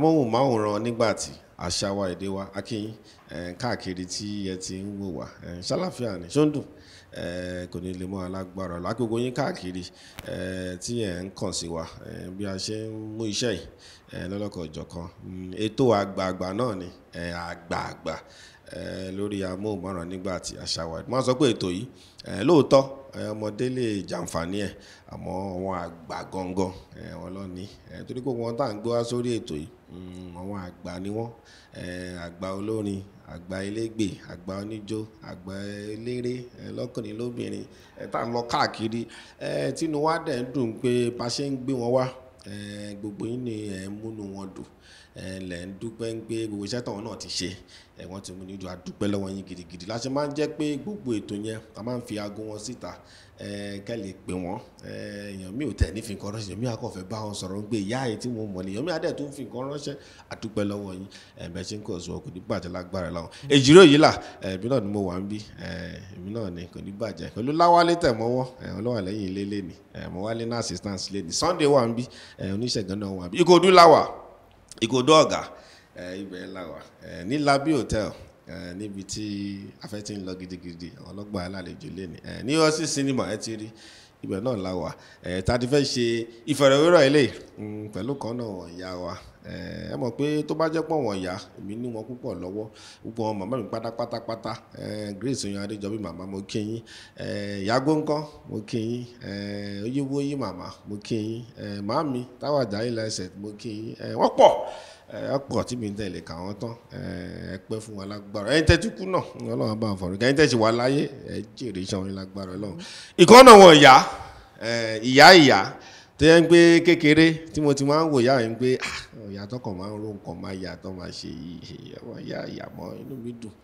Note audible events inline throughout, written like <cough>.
amóhùnmáwòrán nígbàtí àṣà wa èdè wa akínyìn káàkiri tí ẹ ti ń wò wá ṣàlàfíà ni ṣó ń dùn kò ní lè mọ́ alágbára lágbègbè yín káàkiri tí ẹ̀ ń kàn sí wa bí a ṣe ń mú iṣẹ́ yìí lọ́lọ́kọ̀ ọ̀jọ̀kan ètò àgbààgbà náà ni àgbààgbà lórí amóhùnmáwòrán nígbà tí a ṣàwárí wọ́n sọ pé ètò yìí lóòótọ́ ọmọdé lè jàǹfààní ẹ̀ àmọ́ àwọn àgbà gangan wọn lọ ní torí pé wọn tá à ń gbé wá sórí ètò yìí mm, àwọn àgbà ni wọ́n àgbà olórin àgbà elégbè àgbà oníjó àgbà eléré lọ́kùnrin lóbìnrin ẹ tá à ń lọ káàkiri ẹ tínú wa dẹ̀ ń dùn pé bá ṣe ń gbé wọn wá gbogbo yín ni ẹ ń múnú wọn dùn ẹ lẹ̀ ń dúpẹ́ ń pé gbogbo iṣẹ́ táwọn náà ti ṣe ẹ wọ́n ti mú ní ju àdúpẹ́ lọ́wọ́ yín gidigidi la máa ń jẹ́ pé gbogbo ètò yẹn a máa ń fi aago wọn síta Eh, kẹ́ lè pè wọ́n eh, èèyàn mi ò tẹ̀ ní fìkan ránṣẹ́ mi àkọ́fẹ́ bá wọn sọ̀rọ̀ ń gbé ìyá yìí tí mo mọ̀ nìyàn mi àdẹ̀ tó ń fìkan ránṣẹ́ àdúpẹ́ lọ́wọ́ yín eh, ẹ̀bẹ̀ ṣe ń kọ̀ sọ kò ní bàjẹ́ lágbára láwọn èjìrò yìí là èmi náà ni mo wà ń bí èmi náà ni kò ní bàjẹ́ pẹ̀lú láwálé tẹ̀ mọ́wọ́ ọlọ́wà lẹ́yìn ilé lẹ́ni mo wálé ní assistance lẹ́ni Sunday wà ń bí oníṣègùn náà wà ń bí Ìkòdú láwà Ìkòdú ọ̀gá ibẹ̀ láwà ní hotel níbi tí afẹ́ ti ń lọ gidigidi àwọn ọlọ́gbà alálejò lẹ́nu ní ọ́sì sinimá ẹ ti rí ibẹ̀ náà la wà tá a ti fẹ́ ṣe ìfọ̀rọ̀wérọ̀ ilé hmm, pẹ̀lú kan náà wọ̀n ya wa ẹ mọ̀ pé tó bá jẹ́ pọ̀ wọ̀n ya èmi ní wọn púpọ̀ lọ́wọ́ gbogbo wọn màmá mi pátápátápátá Grace oyan Adéjọbí màmá mo kí yín ìyàgò ńkọ́ mo kí yín oyéwóyí màmá mo kí yín màmí táwàjà ilẹ̀ ẹsẹ̀ mo kí yín wọ́n pọ̀ ọ̀pọ̀ tí mi ń tẹ̀lé kà wọ́n tán ẹ pẹ́ fún wa lágbára ẹ̀yin tẹ́tí kú náà ọlọ́run bá fọ̀rọ̀ kẹ́yìn tẹ́tí wà láyé ẹ jèrè iṣẹ́ wọn lágbára ọlọ́run. ìkọ́nà wọn ìyá ìyá ìyá tó yẹ ń pé kékeré tí mo ti máa ń wò ìyá yẹn ń pé ah, ìyá tọkàn máa ń ro nǹkan máa yà tó máa ṣe ìyàwó ìyá ìyá mọ́ inú mi dùn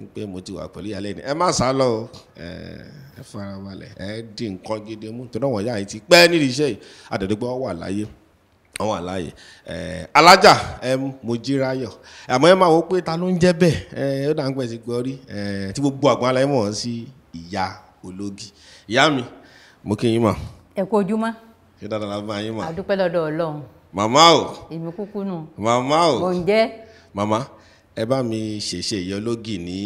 ń pé mo ti wà pẹ̀lú ìyá lẹ́nu ẹ má sá lọ o ẹ farabalẹ̀ ẹ dín nǹkan gidi mú tó náà wọ̀nyá yìí ti pẹ́ nídìí iṣẹ́ yìí àdàdúgbò wà láyé wọ́n wà láàyè alájà Mojíráyọ̀ àmọ́ ẹ máa wò pé ta ló ń jẹ́ bẹ́ẹ̀ ó dà ń pẹ́ sí gbọ́rí tí gbogbo àgbọn alẹ́ mọ̀ sí ìyá ológi ìyá mi mo kí yín mà. ẹ kú ojúmọ́. ṣé dáadáa la bá yín mà. àdúpẹ́ lọ́dọ̀ Ọlọ́run. màmá o. èmi kúkú nù. màmá o. mò ń jẹ́. màmá ẹ bá mi ṣèṣe ìyá ológi ní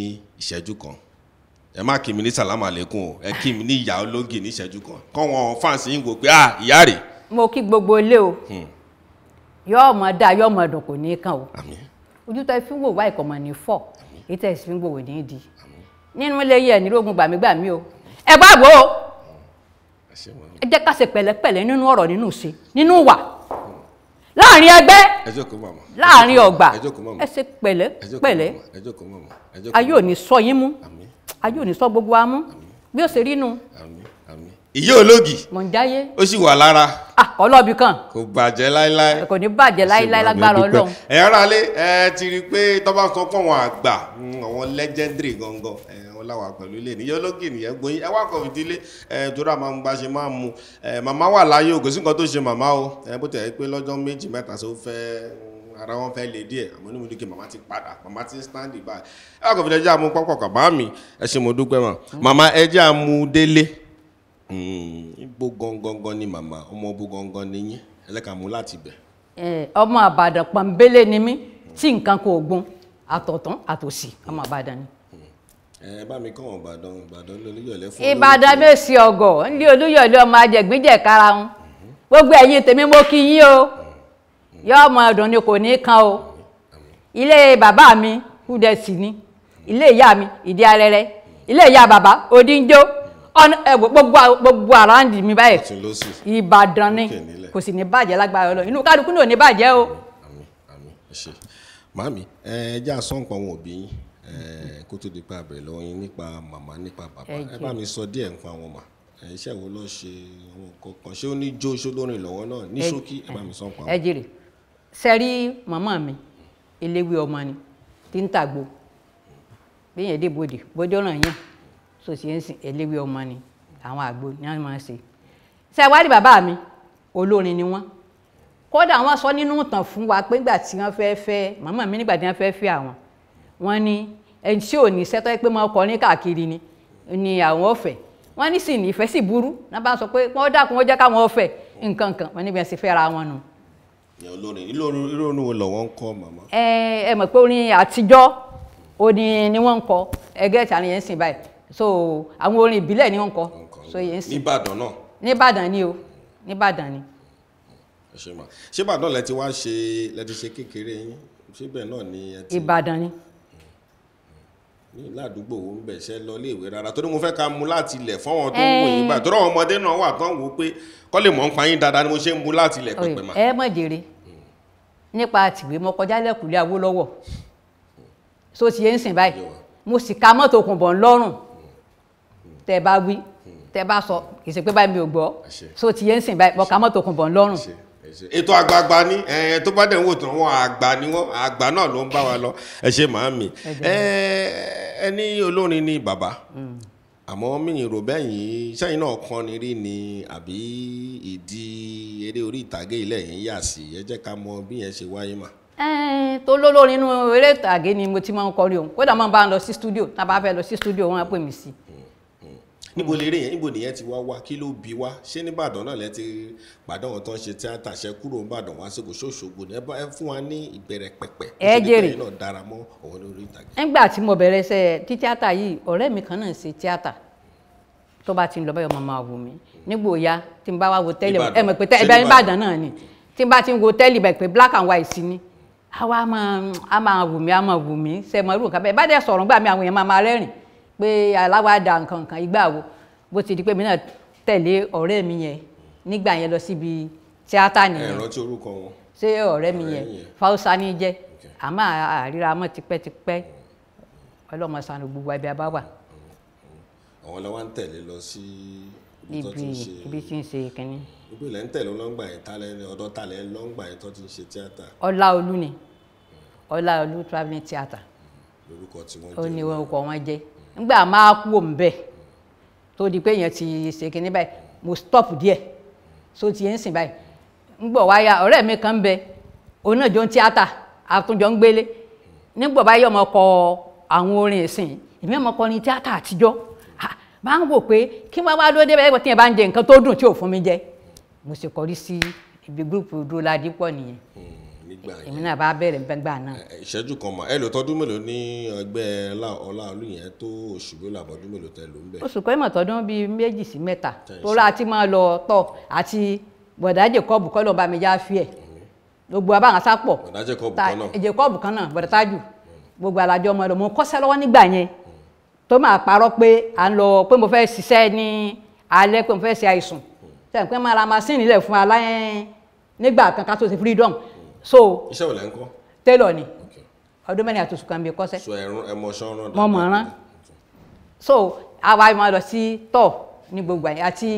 ìṣẹ́jú kan ẹ má kí mi ní sàlámù àlékún o ẹ kí mi ní ìyá ológi ní ìṣẹ́jú kan kọ́ wọn fáǹsì yín wò pé ah ìyá rẹ̀. mo kí gbogbo ilé o. Hmm yóò mọ dáa yóò mọ dùn kò ní kàn o ojú tó fi ń wò wá ìkọ̀mọ̀ ní fọ̀ èyí tẹ̀ sí ń wò wò ní di nínú ilé yẹ nílógún gbàmígbàmí o ẹ bá wò ó ẹ jẹ́ ká ṣe pẹ̀lẹ́pẹ̀lẹ́ nínú ọ̀rọ̀ nínú ṣe nínú wà láàrin ẹgbẹ́ láàrin ọgbà ẹ ṣe pẹ̀lẹ́pẹ̀lẹ́ ayé ò ní sọ yín mú ayé ò ní sọ gbogbo wa mú bí ó ṣe rí nu. Àmín ìyá ológi mọ̀ ń jáyé ó sì wà lára ah, ọlọ́bi kan kò bàjẹ́ láíláí kò ní bàjẹ́ láíláí lágbára ọlọ́run ẹ̀yà ara lé ẹ ti rí i pé tọ́ba sọ pé àwọn àgbà hmm, àwọn legendary gangan wọn láwà pẹ̀lú ilé ìyá ológi nìyẹn gbóyin ẹ wá kọ̀ fìdílé ẹ torí àwọn àgbà ṣe máa mu màmá wà láyé ògùn sí nǹkan tó ṣe màmá o bó tẹ̀ ẹ́ pé lọ́jọ́ méjì mẹ́ta sí ó fẹ́ ara wọn fẹ́ lè díẹ̀ àmọ́ nímú dúkìá màmá ti padà màmá ti stand by ẹ wá kọ̀ fìdílé ẹ jẹ́ àmú pọ́pọ̀ kàbá mi ẹ ṣe mo dúpẹ́ mọ́ mm. màmá ẹ jẹ́ àmú délé Hmm. ibo gangan ni màmá ọmọ ibo gangan ni yín ẹlẹ́ka mú láti bẹ̀. ọmọ àbàdàn pọ̀nbélé ni mí tí nǹkan kò gun àtọ̀tún àtòsí ọmọ àbàdàn ni. Hmm. ẹ bá mi kọ́ wọn ìbàdàn ìbàdàn lé olúyọ̀lé fún. ìbàdàn mèsì ọgọ ńlẹ olúyọ̀lé ọmọ ajẹgbíjẹ kára wọn hmm. gbogbo ẹ̀yin tèmi mo kí yín o yọ ọmọ ọdún ni kò ní kan o ilé bàbá mi kúdẹ ni ilé ìyá mi ìdí arẹrẹ ilé ìyá bàbá odíńjó gbogbo àrándì mi báyìí ìbàdàn ni kò sì ní bàjẹ́ lágbára Ọlọ́run inú kálukú náà ní bàjẹ́ o. àmín àmín ẹ ṣé màámi ẹ jẹ́ àsọ̀npọ̀ àwọn òbí yín kó tó di pé àbẹ̀rẹ̀ lọ́wọ́ yín nípa màmá nípa bàbá ẹ bá mi sọ díẹ̀ nípa àwọn ọmọ iṣẹ́ wo ló ṣe àwọn nǹkan kan ṣé ó ní jó ṣolórin lọ́wọ́ náà ní ṣókí ẹ bá mi sọ pa. ẹ jèrè sẹ́rí màmá mi eléwé ọmọ ni tí ń tàgbo bí yẹn dé bòde bòde ọ̀ràn yẹn so ti ń sìn eléwé ọmọ ni àwọn àgbo ni wọ́n máa ń ṣe ṣe ìwádìí bàbá mi olórin ni wọ́n kódà wọ́n sọ nínú ìtàn fún wa pé nígbà tí wọ́n fẹ́ẹ́ fẹ́ màmá mi nígbà tí wọ́n fẹ́ẹ́ fẹ́ àwọn wọ́n ní ẹni tí ò ní sẹ́tọ́ pé máa kọrin káàkiri ni ni àwọn ọ̀fẹ́ wọ́n ní sì ní ìfẹ́ sì burú náà bá sọ pé wọ́n dákun wọ́n jẹ́ káwọn ọ̀fẹ́ nǹkan kan wọ́n níbi ẹ̀ sì fẹ́ ra wọn nù olórin irú orin wo lọ́wọ́ ń kọ́ màmá. ẹ ẹ mọ̀ pé orin àtijọ́ òní ni wọ́n ń kọ ẹgẹ́ ìtàn yẹn ń sìn báyìí so àwọn orin ìbílẹ̀ ni wọ́n kọ so yẹn sì. nìbàdàn náà. nìbàdàn ni o nìbàdàn ni. ẹ ṣe mà ṣé ìbàdàn lẹ ti wá ṣe lẹ ti ṣe kékeré yín síbẹ̀ náà ni ẹ ti. ìbàdàn ni. ní ládùúgbò wo ń bẹ̀ ṣe lọ ilé ìwé rárá torí mo fẹ́ ká mu láti ilẹ̀ fọ́wọ́n tó ń wò yín gbà eh. torí àwọn ọmọdé náà wà tán wò ó pé kọ́ lè mọ̀ ń pa yín dáadáa ni mo ṣe ń mu láti ilẹ̀ pẹ̀pẹ̀ ma ẹ mọ̀ jèrè nípa àtìwé mo kọjá lẹ́kùnlé so ti yé ń sìn báyìí mo sì ka mọ́tò kùnbọ̀n tẹ bá wí tẹ bá sọ kì í ṣe pé báyìí mi ò gbọ́ so ti yẹn ń sìn báyìí bọ́ka mọ́tò kùn bọ̀ ń lọ́rùn. ètò àgbààgbà ni tó bá dẹ̀ ń wò tán wọn àgbà ni wọn àgbà náà ló ń bá wa lọ ẹ ṣe màámi ẹni olórin ni bàbá hmm. àmọ́ míyìn rò bẹ́yìn sẹ́yìn náà kan ni rí ni àbí ìdí eré orí ìtàgé ilẹ̀ yìí yà sí ẹ jẹ́ ká mọ bí yẹn ṣe wáyé mà. tó lólórin inú eré ìtàgé ni mo ti máa ń kọrin òun kódà máa ń bá lọ sí stúdíò tá a bá fẹ́ lọ sí stúdíò wọn á pè mí sí i níbo hmm. lérè yẹn níbo nìyẹn ti wá wá kí ló bí wá ṣé nìbàdàn náà lẹ ti pàdán wọn tán ṣe tíátà ṣe kúrò nìbàdàn wá sí Òṣogbo ní ẹ fún wa ní ìbẹ̀rẹ̀ pẹ̀pẹ̀ ẹ jèrè náà dára mọ́ òun ní orí ìtàgé. nígbà tí mo bẹ̀rẹ̀ ṣe tí tíátà yìí ọ̀rẹ́ mi kan náà ṣe tíátà tó bá ti lọ báyọ̀ máa wò mí nígbò ya tí n bá wá wo tẹ́lẹ̀ ẹ mọ̀ pé ẹ̀bẹ̀ Ìbàdàn náà ni tí n bá ti wo tẹ́lẹ̀ black and white sí ni àwa a máa wò mí a máa wò mí ṣe mọ̀ irú nǹkan bẹ́ẹ̀ pé aláwàdà nǹkan kan wo bó ti di pé mi náà tẹ̀lé ọ̀rẹ́ mi yẹn nígbà yẹn lọ síbi tíátà nìyẹn ẹ̀rọ tí orúkọ wọn ṣé ọ̀rẹ́ mi yẹn fáwọsá ní jẹ́ àmọ́ àríra mọ́ tipẹ́tipẹ́ ọlọ́mọsán gbogbo ẹbí abáwà. àwọn lọ́wọ́ ń tẹ̀lé lọ sí ibi ibi tí ń ṣe kínní. ibi ilẹ̀ ń tẹ̀lé ọlọ́ngbà yẹn tálẹ̀ ọ̀dọ́ tálẹ̀ ọlọ́ngbà yẹn tó ti ń ṣe tíátà. Ọláolú ni Ọláolú travelling theatre. lórúkọ tí wọ́n jẹ́ ó orúkọ wọn jẹ́ ngbà máa kú òun bẹ́ẹ̀ tó di pé èèyàn ti ṣe kinní báyìí mo stop díẹ̀ so ti yẹn ń sìn báyìí ngbọ̀ wáyà ọ̀rẹ́ mi kan bẹ òun náà jọ ń tíátà àtúnjọ ń gbélé nígbọ̀ báyìí ọmọ kọ àwọn orin ìsìn ìmí ọmọ kọ ní tíátà àtijọ́ máa ń wò pé kí wọ́n wá dúró débẹ̀ ẹ̀gbọ́n tí yẹn bá ń jẹ nǹkan tó dùn tí ò fún mi jẹ mo sì kọrí sí ibi gúrùpù Dúró Ládipọ̀ nìyẹn. Hmm nígbà yẹn èmi náà bá bẹ̀rẹ̀ gbẹ́gbà náà. ìṣẹ́jú kan mà ẹ lò tọdún mélòó ní ẹgbẹ́ Ọláolú yẹn tó oṣù mélòó àbọ̀dún mélòó tẹ ló ń bẹ̀. oṣù kan ìmọ̀ tọdún bíi méjì sí mẹ́ta tóra àti máa lọ tọ̀ àti bọ̀dá Jacob kọ́ lọ́ba mi já fi ẹ̀ mm-hmm. gbogbo abáhàn sápọ̀ Jacob kan náà bọ̀dá tájù mm-hmm. gbogbo alájọ ọmọ ẹ̀ lọ mo kọ́ṣẹ́ lọ́wọ́ nígbà yẹn mm-hmm. tó máa parọ́ pé à ń lọ pé mo fẹ́ ṣiṣẹ́ ní alẹ́ pé mo fẹ́ ṣe àìsùn tẹ̀ pé máa ra masínì lẹ̀ fún aláyẹn nígbà kan ká tó ṣe freedom so iṣẹ́ wo lẹ ń kọ́ tailor ni ọdún mẹ́rin àti oṣù kan bí kọ́sẹ́ so ẹ̀rún ẹ̀mọ̀ṣán rán mọ́ mọ̀ rán so àwa máa lọ sí tọ̀ ní gbogbo àyè àti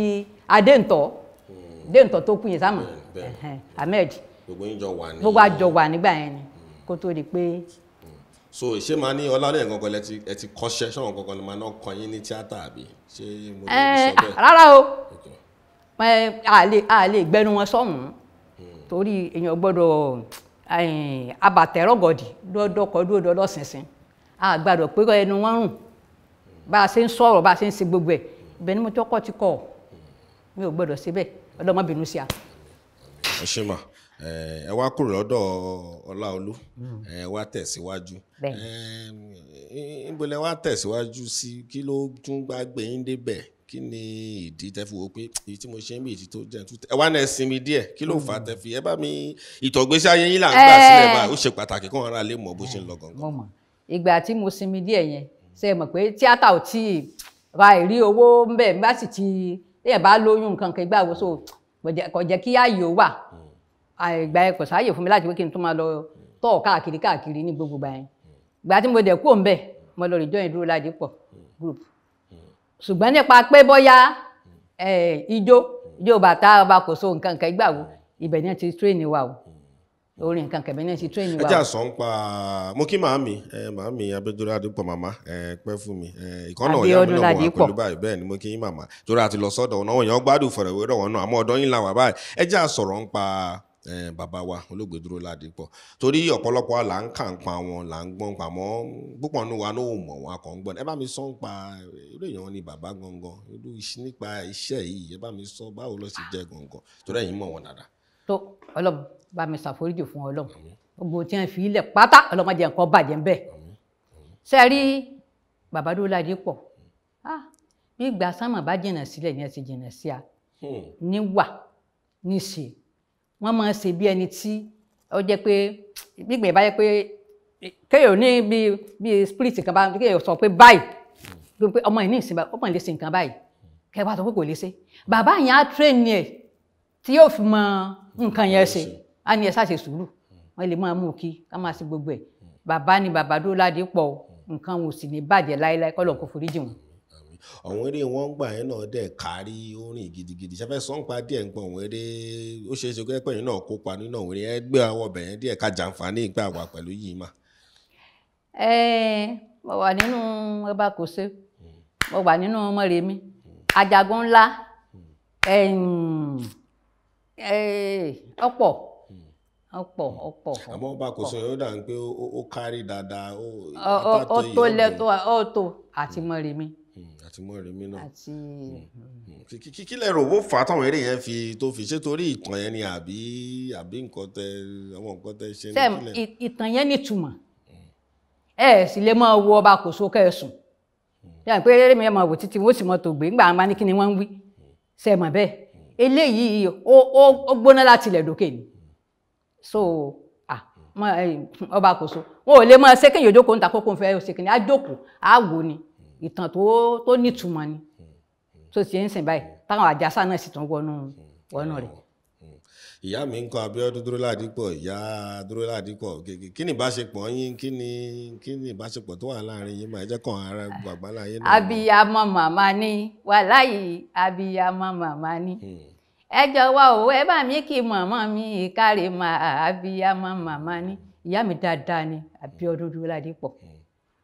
adéǹtọ̀ hmm. adéǹtọ̀ tó kú yẹn sáàmù ahmed gbogbo yín jọ wà ní gbogbo àjọ wà nígbà yẹn ni hmm. kó tó di pé hmm. so ṣé máa ní ọlárẹ̀ gangan ẹ ti kọ́ṣẹ́ ṣọ́wọ́n gangan ni máa náà kọ́ yín ní tíátà àbí ṣé mo lè sọ bẹ́ẹ̀. rárá o a lè gbẹnu wọn sọ́hùn torí èèyàn gbọ́dọ̀ abàtẹ́rọ̀gọ̀dì dọ́dọ́kọ̀ dúró dọ́dọ́ sínsìn a gbàdọ̀ pé ẹnu wọn rùn bá a ṣe ń sọ̀rọ̀ bá a ṣe ń ṣe gbogbo ẹ̀ ibẹ̀ ni mo tọ́kọ̀ ti kọ̀ mi ò gbọ́dọ̀ ṣe bẹ́ẹ̀ ọlọ́mọbìnrin sí a. ẹ ṣe mà ẹ wá kúrò lọ́dọ̀ Ọláolú ẹ wá tẹ̀síwájú níbo lẹ wá tẹ̀síwájú sí kí ló tún gbàgbé yín débẹ̀ kí ni ìdí tẹ́ fi wò pé èyí tí mo ṣe ń bí èyí tó jẹ́ tó tẹ́ ẹ wá náà sinmi díẹ̀ kí ló fà á fi ẹ bá mi ìtọ̀gbésí ayé yín là ń gbà sílẹ̀ báyìí ó ṣe pàtàkì kí wọ́n lè mọ̀ bó ṣe ń lọ gangan. ìgbà tí mo sinmi díẹ̀ yẹn ṣe mọ̀ pé tíátà ò tí ì ra ìrí owó ń bẹ̀ bá sì ti ẹ̀ bá lóyún nǹkan kan ìgbà wo so kò jẹ́ kí ààyè wà hmm. ìgbà ẹ̀ kò sáàyè fún mi láti pé kí n tún máa lọ tọ̀ káàkiri káàkiri ní gbogbo hmm. hmm. group ṣùgbọ́n nípa pé bóyá ijó ijó bàtà ọba kò so nǹkan kan ìgbà wo ibẹ̀ ni wọ́n ti tírénì wa o orin nǹkan kẹ̀mí náà ti tírénì wa o. ẹ jẹ́ àsán pa mo kí màámi màámi abẹ́dúrà àdìpọ̀ màmá pẹ́ fún mi ìkànnà ọ̀yá mi náà wà pẹ̀lú báyìí bẹ́ẹ̀ ni mo kí yín màmá torí àti lọ sọ́dọ̀ ọ̀nà wọn yẹn gbádùn fọ̀rọ̀wérọ̀ wọn náà àmọ́ ọ̀dọ́ yín làwà báyìí ẹ jẹ́ àsọ̀rọ̀ ń pa Eh, bàbá wa olóògbé dúró ládìpọ̀ torí ọ̀pọ̀lọpọ̀ là ń kà ń pa wọn là ń gbọ́n pa mọ́ púpọ̀ nínú wa ló mọ̀ wọn kàn ń gbọ́n ẹ bá mi sọ pa irú èèyàn ni bàbá gangan irú nípa iṣẹ́ yìí ẹ bá mi sọ báwo ló ṣe jẹ́ gangan torí ẹ̀yin mọ̀ wọn dáadáa. tó Ọlọ́run bá mi ṣàforíjì fún Ọlọ́run gbogbo tí wọn fi ilẹ̀ pátá ọlọ́mọdé nǹkan bàjẹ́ ńbẹ̀ ṣe rí bàbá dúró ládìpọ̀ ah, bí ìgbà sánmọ̀ bá jìnnà sílẹ̀ ni ti jìnnà sí a hmm. níwà níṣe wọ́n máa ṣe bí ẹni tí ó jẹ́ pé gbígbẹ̀ bá yẹ pé kéèyàn ní bí bí spirit kan bá kéèyàn sọ pé báyìí pé ọmọ yìí ní ìsìn ọmọ yìí lè ṣe nǹkan báyìí kẹ́ bá sọ pé kò lè ṣe bàbá yẹn á train ẹ̀ tí yóò fi mọ nǹkan yẹn ṣe á ní ẹ ṣáà ṣe sùúrù wọ́n lè máa mú kí ká máa ṣe gbogbo ẹ̀ bàbá ni bàbá dúró ládìí pọ̀ mm. nǹkan ò sì ní bàjẹ́ láéláé kọ́ lọ́n kó foríjì wọn àwọn eré wọn gbà yẹn náà dẹ̀ kárí orin gidigidi ṣẹfẹ́ sọ́npa díẹ̀ ń pọ̀ àwọn eré ó ṣeé ṣe pé ẹ̀yin náà kópa nínú àwọn eré ẹgbẹ́ àwọn ọbẹ̀ yẹn díẹ̀ ká jàǹfààní ìgbà wà pẹ̀lú yìí mà. ẹ mo wà nínú ọba kò ṣe mo wà nínú mọ̀rẹ́mi ajagun ńlá ọ̀pọ̀ ọ̀pọ̀ ọ̀pọ̀. àmọ́ ọba kò sọ yóò dà ń pé ó kárí dáadáa. ó tó lẹ́tọ́ ó tó àti mọ̀rẹ́mi. Hmm, àti Mọ́remí náà àti hmm, hmm. kí lẹ rò ó fà á táwọn eré yẹn fi tó fi ṣe torí ìtàn yẹn ni àbí àbí nǹkan tẹ àwọn nǹkan tẹ ṣe nílẹ̀. ìtàn yẹn nítumọ̀ ẹ sì lè máa wo ọba kò so kẹsùn yàrá pé eré mi máa wò títí wọn ó sì mọ tògbé ńgbà máa ní kí ni wọ́n ń wí sẹ́mọ̀ bẹ́ẹ̀ eléyìí ó gbóná láti ilẹ̀ dókè ni so ọba kò so wọn ò lè máa ṣe kéèyàn jókòó ń ta kókó ń fẹ́ ṣe kìnìún á jókòó á wò ni ìtàn tó tó nítumọ̀ ni tó ti ń sìn báyìí táwọn àjàsà náà sì tún wọnú wọnú rẹ̀. ìyá mi ń kọ Abíọ́dún Dúróládípọ̀ ìyá Dúróládípọ̀ kí ni ìbáṣepọ̀ yín kí ni kí ni ìbáṣepọ̀ tó wà láàrin yín máa jẹ́ kàn ara gbàgbá láyé náà. abiyamọ màmá ni wàláyé abiyamọ màmá ni ẹ jọ̀wọ́ o ẹ bá mi kí màmá mi ìkárè máa abiyamọ màmá ni ìyá mi dáadáa ni Abíọ́dún Dúróládípọ̀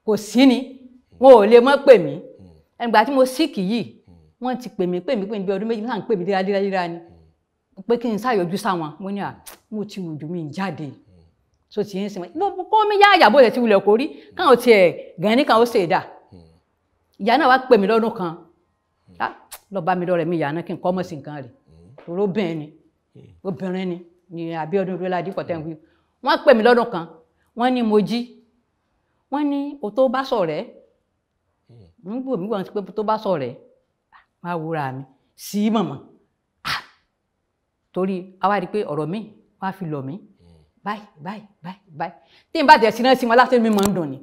kò sí ni. Hmm wọn ò lè mọ́ pè mí hmm. ẹnìgbà tí mo síkì yìí hmm. wọ́n ti pè mí pè mí pè mí bí ọdún méjì ń pè mí díradíradíra ni hmm. pé kí n ṣàyọjú sáwọn mo ní à mo ti wùdú mi jáde so ti ń sin wọn kó mi yá àyàbọ̀ rẹ̀ ti wulẹ̀ kórí káwọn tiẹ̀ gan ní káwọn ṣe é dà ìyá náà wá pè mí lọ́dún kan lọ bá mi lọ́rẹ̀ mi ìyá náà kí n kọ́ mọ̀ sí nǹkan rẹ̀ òró bẹ́ẹ̀ ni obìnrin ni ni Abíọ́dún Adéládi kọ̀tẹ́ńkù wọ́n pè mí lọ́dún kan wọ́n ní mo jí wọ́n ní o bá sọ̀rẹ́ nígbò mí wọ́n ti pé tó bá sọ rẹ̀ máa wúra mi sí mọ̀mọ́ torí àwa rí i pé ọ̀rọ̀ mi wàá fi lọ̀ mí báyìí báyìí báyìí báyìí tí n bá tẹ̀ sí sí wọn láti mi máa ń dùn ni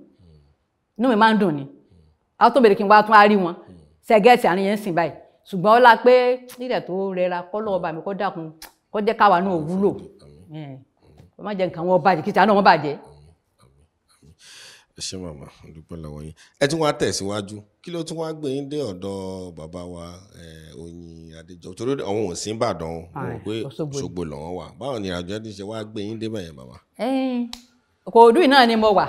inú mi máa ń dùn ni àwọn tó bèrè kí n wá tún á rí wọn ṣẹ́gẹ́sì àárín yẹn ń sìn báyìí ṣùgbọ́n ó la pé nílẹ̀ tó rẹra kọ́lọ́ ọba mi kó dákun kó jẹ́ káwa náà wúlò kó má jẹ́ nǹkan wọn bàjẹ́ kìtà náà wọn bàjẹ́ ẹ ṣé màmá dúpẹ́ lọ́wọ́ yín ẹ tún wá tẹ̀síwájú kí ló tún wá gbé yín dé ọ̀dọ̀ bàbá wa Oyin Adéjọbí torí àwọn ò sí Ìbàdàn o wọn pé Òṣogbo lọ́wọ́ wà báwo ni àjọ ti wá gbé yín dé bẹ̀yẹn bàbá. kò dùn náà ni mo wà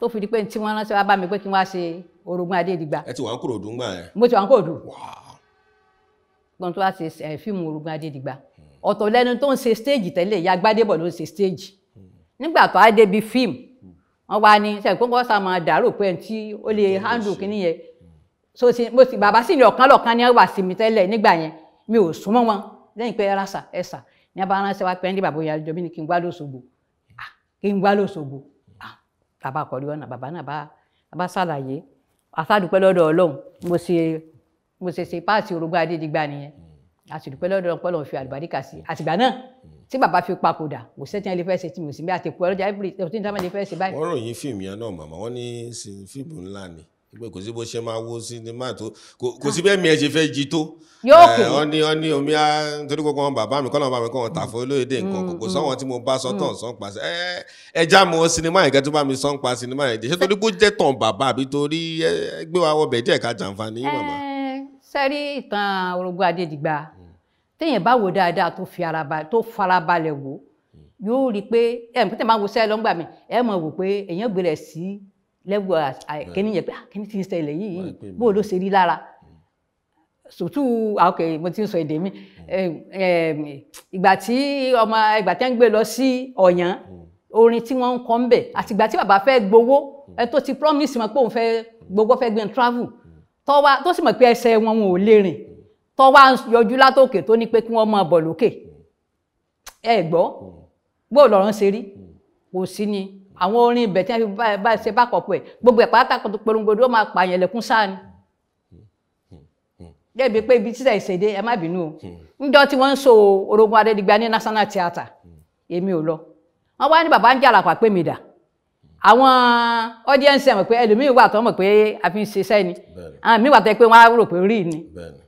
tó fi di pé tí wọ́n ránṣẹ́ wá bá mi pé kí wọ́n á ṣe orogún Adédìgbà. ẹ ti wà ń kúrò dùn gbà yẹn. mo ti wà ń kúrò dùn. gbọ́n tó wá ṣe fíìmù orogún Adédìgbà ọ̀tọ̀ lẹ́nu tó ń ṣe stéèjì tẹ́lẹ̀ ìyá Gbádébọ̀ ló ń ṣe stéèjì hmm. nígbà tó á débi fíìmù wọ́n wá ní sẹ́kùn kó sá máa dàrú pé ẹni tí ó lè handle kínní yẹn so ti mo ti bàbá sì ní ọ̀kan lọ̀kan ní wà sí mi tẹ́lẹ̀ nígbà yẹn mi ò súnmọ́ wọn lẹ́yìn pé ẹ̀rà sà ẹ̀ sà ní abá ránṣẹ́ wá pé ẹni bàbá ìyá àjọ mi ni kí n wá lóṣogbo ah, kí n wá lóṣogbo ah, bàbá àkọ́rí ọ̀nà bàbá náà bá ṣàlàyé àsádùpẹ́ lọ́dọ̀ ọlọ́run mo ṣe ṣe páàsì orogún adédìgbà nìyẹn àsìdùpẹ́ lọ́dọ̀ ọpọlọ fi àlùbáríkà sí àtìgbà náà tí bàbá fi papòdà kò sẹ́tì ẹ̀ lè fẹ́ ṣe tí mo sì bí àtẹ̀kù ọlọ́jà ẹ̀bùrì tí n dámẹ́ lè fẹ́ ṣe báyìí. wọ́n ròyìn fíìmù yẹn náà màmá wọ́n ní fíìmù ńlá ni pé kò sí bó ṣe máa wo sinimá tó kò sí bẹ́ẹ̀ mi ẹ̀ ṣe fẹ́ jí tó. yóò kù ọ ní ọ ní omi á nítorí kókó wọn bàbá mi kọ́ làwọn bàbá mi kọ́ wọn tà fún olóyèdè nǹkan kò mm, sọ́wọ́n tí mo bá sọ mm, tán sọ́n mm. pa ẹ ẹ já mo sinimá yìí kẹ́tù bá mi sọ́n pa sinimá yìí ṣé torí kó jẹ́ tàn bàbá téèyàn bá wò dáadáa tó fi ara balẹ̀ tó fara balẹ̀ wò yóò rí i pé ẹ̀ mọ̀ tẹ́ máa wo sẹ́ẹ̀ lọ́ngbà mi ẹ̀ mọ̀ wò pé èèyàn gbé sí lẹ́wọ̀ kíní yẹn pé ah, kíní ti ń ṣẹlẹ̀ yìí bó ló ṣe rí lára hmm. sòtú ok mo ti ń sọ èdè mi hmm. ìgbà tí ọmọ ìgbà tí wọ́n gbé lọ sí ọ̀yàn hmm. orin tí wọ́n ń kọ́ ń bẹ̀ àti ìgbà tí bàbá fẹ́ gbowó ẹ tó ti promise wọn pé òun fẹ́ gbogbo fẹ́ gbé travel tó sì mọ̀ pé ẹsẹ̀ wọn ò lè rìn tó wá ń yọjú látòkè tó ní pé kí wọ́n máa bọ̀ lókè ẹ gbọ́ gbọ́ lọ́rọ̀ ṣe rí kò sí ni àwọn orin ibẹ̀ tí wọ́n fi bá ṣe bá kọ̀ọ̀pọ̀ ẹ̀ gbogbo ẹ̀ pátákó polongodo máa pààyàn lẹ́kún sáà ni débi pé ibi títà ìṣèdè ẹ má bínú o níjọ́ tí wọ́n ń so orogun Adédigba ní national theatre èmi ò lọ wọ́n wá ní bàbá ń jà àlàpà pé mi dà àwọn audience ẹ̀ mọ̀ pé ẹlòmíì wà tó mọ̀ pé a fi ń ṣiṣẹ́ ni àwọn míì wà tó yẹ pé wọ́n á rò pé rí ni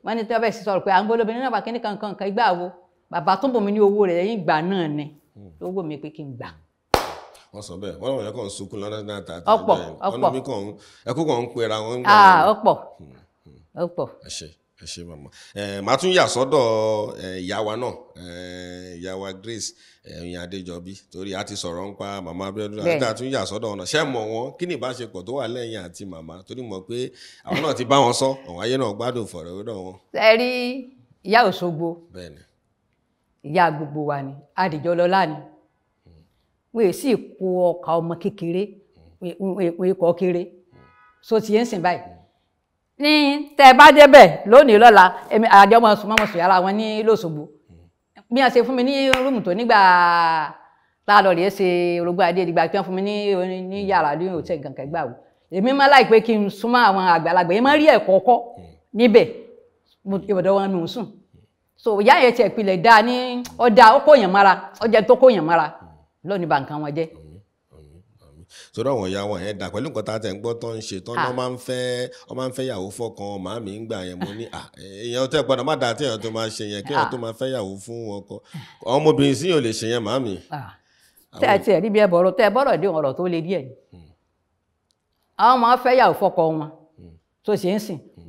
wọ́n ní tí wọ́n bẹ̀ sí sọ̀rọ̀ pé à ń gbọ́ lóbìnrin náà wà kíní kankan kan ìgbà wo bàbá tó bò mí ní owó rẹ̀ lẹ́yìn ìgbà náà ni tó hmm. wò mí pé kí n gbà wọ́n sọ bẹ́ẹ̀ wọ́n lọ́wọ́ yẹn kàn ń sunkún lọ́dún náà tààtà ọ̀pọ̀ ọ̀pọ̀ ẹ̀kú kàn ń pera wọn. Ah, ọ̀pọ̀ hmm, hmm. ọ̀pọ̀ ẹ ṣe màmá màá tún yà sọ́dọ̀ ìyá náà ìyá Grace ẹ̀yìn Adéjọbí torí a ti sọ̀rọ̀ nípa màmá Abíọ́dún àti àtún yà sọ́dọ̀ ọ̀nà ṣẹ́ mọ̀ wọn kí ni ìbáṣepọ̀ tó wà lẹ́yìn àti màmá torí mọ̀ pé àwọn náà ti bá wọn sọ ọ̀hún ayé náà gbádùn fọ̀rọ̀wérọ̀ wọn. ẹ rí ìyá Òṣogbo ìyá gbogbo wa ni Adìjọlọlá ni wọn èsì kó ọkà ọmọ kékeré wọn èkó kéré so ti yẹn sìn báyìí ní tẹ bá débẹ̀ lónìí lọ́la èmi àjọ ọmọ sùn mọmọ sùn yàrá wọn ní lọsọgbó bí wọn ṣe fún mi ní rúùmù tó nígbà láàlọ rèé ṣe orogún adé ìdìgbà tí wọn fún mi ní yàrá ní òtẹ gbà wò èmi kí n àwọn àgbàlagbà yìí rí ìbọdọ wọn nù sùn so ìyá yẹn ti ẹpìlẹ dáa ní ọdà ó mára torí àwọn ya wọn yẹn dà pẹ̀lú nǹkan tá a tẹ̀ ń gbọ́ tó ń ṣe tán máa ń fẹ́ ọmọ ń fẹ́ yàwó fọkàn màámi ń gbà yẹn mo ní èèyàn tẹ́ gbọ́dọ̀ má dà tí èèyàn tó máa ṣe yẹn kí èèyàn tó máa fẹ́ yàwó fún ọkọ ọmọbìnrin sí yóò lè ṣe yẹn tẹ ẹ níbi tẹ ọrọ tó le díẹ̀ ni hmm. àwọn fẹ́ yàwó fọkàn wọn hmm. tó ṣe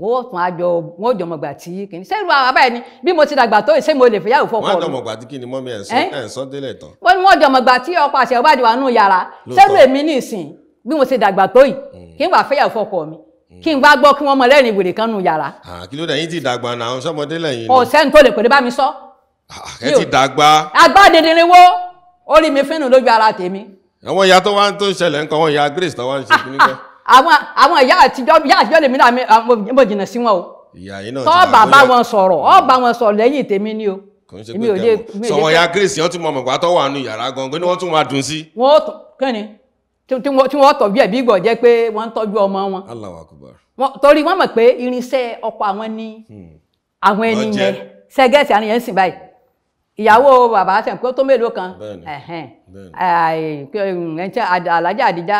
wọ́n tún àjọ wọ́n jọ mọ̀gbà tí kìíní sẹ́rù àwọn abáyé ni bí mo ti dàgbà tó ṣé mo lè fẹ́yàwó fọ́kọ mi. wọ́n jọ mọ̀gbà tí kìíní mọ́mí ẹ̀ sọ délẹ̀ tán. wọ́n ní wọ́n jọ mọ̀gbà tí ọkọ àṣẹ ọba àdìwà nù yàrá sẹ́rù èmi ní ìsìn bí mo ti dàgbà tó yìí mm. kí n wà fẹ́yàwó fọ́kọ mi mm. kí n wá gbọ́ kí wọ́n mọ lẹ́rìn ìwèrè kan nù yàrá. kí ló dé yín ti dàgbà náà sọmọdé lẹ́yìn. ọ̀sẹ́ni tó lè pè é bá mi sọ. ẹ ti dàgbà. àgbà dìndínrín wo orí mi fínú lójú ara tèmi. àwọn ìyá tó wá ń tó ṣẹlẹ̀ ń kọ́ wọn ìyá grace tó wá ń ṣe kí nígbà àwọn àwọn ìyá àtijọ́ ìyá àtijọ́ lèmi náà mo jìnnà sí wọn o tọ́ bàbá wọn sọ̀rọ̀ ọ́ bá wọn sọ̀rọ̀ lẹ́yìn tèmi ni o kò ń ṣe pé kẹwọn sọmọ ya grace yẹn tún mọ mọ̀gbà tó wà nù yàrá gangan ni wọ́n tún máa dùn sí. wọ́n tọ kẹ́ni tí wọ́n tọ́jú ẹ̀bí gbọ̀ jẹ́ pé wọ́n ń tọ́jú ọmọ wọn. Allahu Akbar. torí wọ́n mọ̀ pé irinṣẹ́ ọkọ̀ àwọn ni hmm. àwọn ẹni yẹn sẹ́gẹ̀tì àwọn yẹn ń sìn báyìí ìyàwó bàbá sẹ̀ńkó tó mélòó kan ẹ̀hẹ́n alájà àdìjá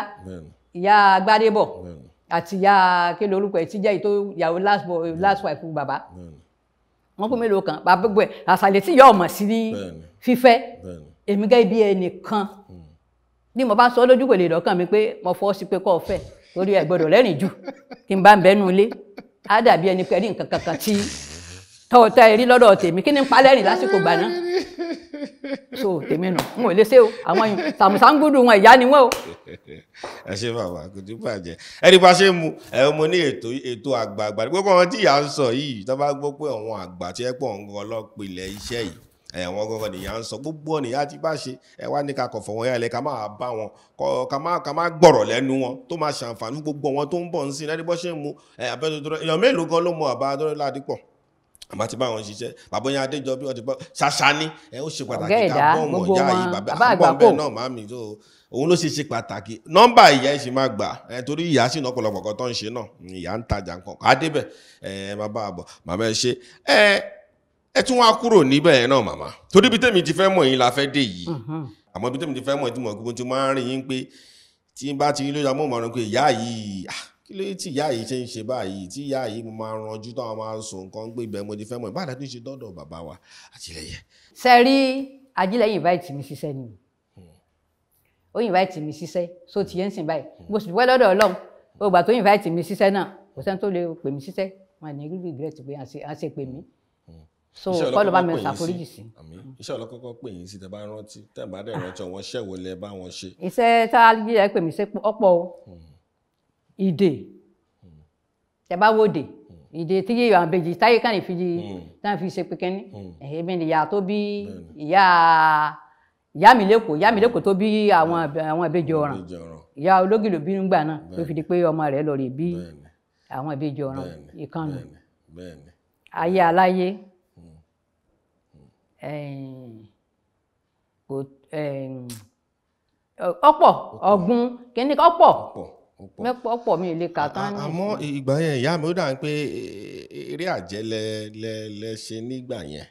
ìyá Gbádébọ̀ àti ìyá kí ló orúkọ ẹ̀ tí jẹ́ ìyàwó last wife fún bàbá wọ́n fún mélòó kan bàbá gbẹ àṣàlẹ̀ tí ìyá ọmọ sí ní fífẹ́ èmi gẹ́gẹ́ bí ẹnìkan hmm. bí mo bá sọ lójú kò lè lọ́kàn mi pé mo fọ́ sí pé kọ́ ọ fẹ́ torí ẹ̀ gbọ́dọ̀ jù kí n bá ń bẹ́nu ilé á dàbí ẹni pẹ̀lú nǹkan kankan tí tọ́ ọ̀tá ẹ̀rí lọ́dọ̀ tèmi kí ni ń palẹ́rìn lásìkò gbà náà so tèmi nù n ò lè ṣe o àwọn sàmùsàǹgùdù wọn ìyá ni wọn o. ẹ ṣe bàbá kò tí bàjẹ́ ẹni bá ṣe mu ẹ mo ní ètò ètò àgbààgbà gbogbo àwọn tí ìyá ń sọ yìí tó bá gbọ́ pé àwọn àgbà tí ẹ pọ̀ ń gan ọlọ́pìlẹ̀ iṣẹ́ yìí ẹ̀wọ̀n gọ́gọ́ nìyà ń sọ gbogbo ọ̀nìyà ti bá ṣe ẹ wá ní ká kọ̀ fọ̀wọ́n yálẹ̀ ká máa bá wọn ká máa gbọ̀rọ̀ lẹ́nu wọn tó máa ṣàǹfààní gbogbo wọn tó ń bọ̀ ń sin lẹ́ni bọ́ ṣe ń mu abẹ́tòtò èèyàn mélòó gan ló mọ àbá adọ́rẹ́lá àdìpọ̀ àbá ti bá wọn ṣiṣẹ́ bàbá yẹn adéjọ bí wọn ti bọ ṣàṣà ni ẹ ó ṣe pàtàkì ká bọ ọmọ ìyá yìí bàbá àgbọn bẹ́ẹ̀ náà màmí tó òun ló ṣe ṣe pàtàkì nọ́mbà ìyá ẹ ṣì máa gbà ẹ torí ìyá sì náà ọ̀pọ̀lọpọ̀ kan tó ń ṣe náà ìyá ń tajà nǹkan adébẹ ẹ bàbá àbọ màmá ẹ ṣe ẹ ẹ tún wá kúrò níbẹ̀ náà màmá torí bí tèmi ti fẹ́ mọ̀ yín la fẹ́ dé yìí mm-hmm. àmọ́ bí tèmi ti fẹ́ mọ̀ kí ló tí ìyá yìí ṣe ń ṣe báyìí tí ìyá yìí mo máa ranjú táwọn máa ń sùn nǹkan gbé ibẹ̀ mo ti fẹ́ mọ̀ ìbáàdà tó ṣe dọ́dọ̀ bàbá wa àtìlẹyìn. ṣe rí ajílẹ̀yìn báyìí tì mí ṣiṣẹ́ ni ó invite mi ṣiṣẹ́ so ti yẹn ń sìn báyìí mo sì dúpẹ́ lọ́dọ̀ ọlọ́run ògbà tó invite mi ṣiṣẹ́ náà kò sẹ́ni tó lè pè mí ṣiṣẹ́ wọn ní rí regret pé à ń ṣe pè mí so kọ́lọ̀ bá mi ṣàforíjì sí. iṣẹ́ ọlọ́kọ́kọ́ pè yín sí tẹ bá rántí tẹ bá dẹ̀ rántí ọ̀wọ́n ṣẹ̀wò lẹ bá wọn ṣe. iṣẹ́ tá a yẹ pè mí ṣe ọ̀pọ̀ o. Hmm ìdè tẹ̀bá wòde ìdè tí yéèyàn àbèjì táyé kàn fi táwọn fi ṣe pé kẹ́ni ẹ̀mí ìyá tó bí ìyá ìyá mi lẹ́kọ̀ọ́ ìyá mi lẹ́kọ̀ọ́ tó bí àwọn àwọn ìbejì ọ̀ràn ìyá ológì ló bínú gbà náà tó fi di pé ọmọ rẹ̀ lọ rè bí àwọn ìbejì ọ̀ràn ìkànnì ayé aláyé hmm. ọ̀pọ̀ ọ̀gbun kìnnìkan ọ̀pọ̀ mẹ́pọ̀ ọ̀pọ̀ mi ò lè kà tán ni. àmọ́ ìgbà yẹn ìyá mi ó dà ń pé eré àjẹ́ lẹ lẹ lẹ ṣe nígbà yẹn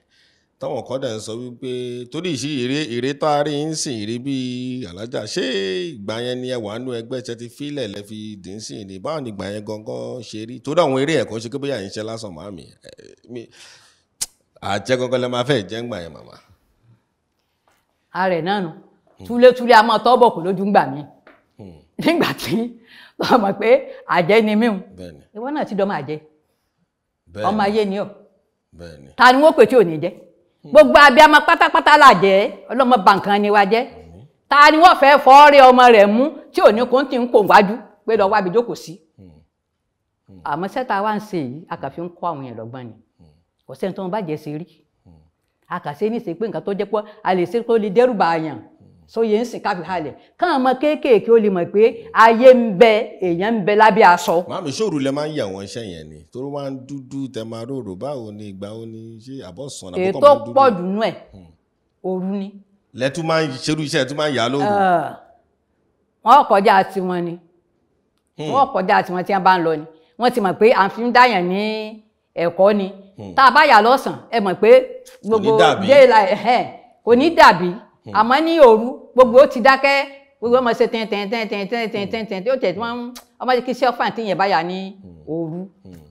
táwọn kan dẹ̀ ń sọ wípé torí ìṣí eré eré tá a rí ń sìn rí bí alájà ṣé ìgbà yẹn ni ẹwà nú ẹgbẹ́ ṣe ti fílẹ̀ lẹ fi dì ń sìn ní báwọn ìgbà yẹn gangan ṣe rí torí àwọn eré ẹ̀kọ́ ṣe kébéyà yín ṣe lásán màmí àjẹ gangan lẹ máa fẹ́ jẹ́ ń gbà yẹn màmá. ààrẹ náà nù túlétúlé hmm. a máa tọ́ bọ̀ kó lójú ń gbà mí hmm. nígbà tí tó <laughs> mọ̀ pé àjẹ́ ni mí o ìwọ náà ti dọ́mọ àjẹ́ ọmọ ayé ni o ta ni wọ́n pè tí ò ní jẹ́ hmm. gbogbo abiyamọ pátápátá là jẹ́ ọlọ́mọ bàǹkan ni wa jẹ́ ta ni wọ́n fẹ́ fọ́ọ́rẹ́ ọmọ rẹ̀ mú tí ò ní kó ń tì ń kó wájú pé lọ́ọ́ wábi jókòó sí hmm. Hmm. àmọ́ sẹ́ta wá ń ṣe yìí a kà fi ń kọ́ àwọn èèyàn lọ́gbọ́n ni kò sẹ́ni tó ń bàjẹ́ ṣe rí a kà ṣe ní pé nǹkan tó jẹ́ pé a lè ṣe kó lè dẹ́rù bàyàn sóye ń sìn ká fi halẹ̀ káwọn ọmọ kéékèèké ó lè mọ̀ pé ayé ń bẹ èèyàn ń bẹ lábẹ́ aṣọ. màámi ṣòro lẹ máa ń yà wọn iṣẹ́ yẹn ni torí wọn á ń dúdú tẹ máa rorò báwo ni ìgbà wo ni ṣé àbọ̀sán àbúkọ̀ máa dúdú. ètò pọ̀ jù nú ẹ̀ hmm. òru ni. lẹ́tú máa ń ṣerú iṣẹ́ tó máa ń yà á lóru. wọn kọjá tiwọn ni hmm. wọn kọjá tiwọn tí wọn bá ń lọ ni wọn ti mọ̀ pé à hmm. kò ní dàbí Hmm. àmọ́ ní òru gbogbo ó ti dákẹ́ gbogbo ọmọ ṣe tẹ̀ntẹ̀ntẹ̀ntẹ̀ntẹ̀ntẹ̀ntẹ̀ ó tẹ̀tí wọn ọmọ kí sẹ́fà tí yẹn bá yà ní hmm. òru. Hmm.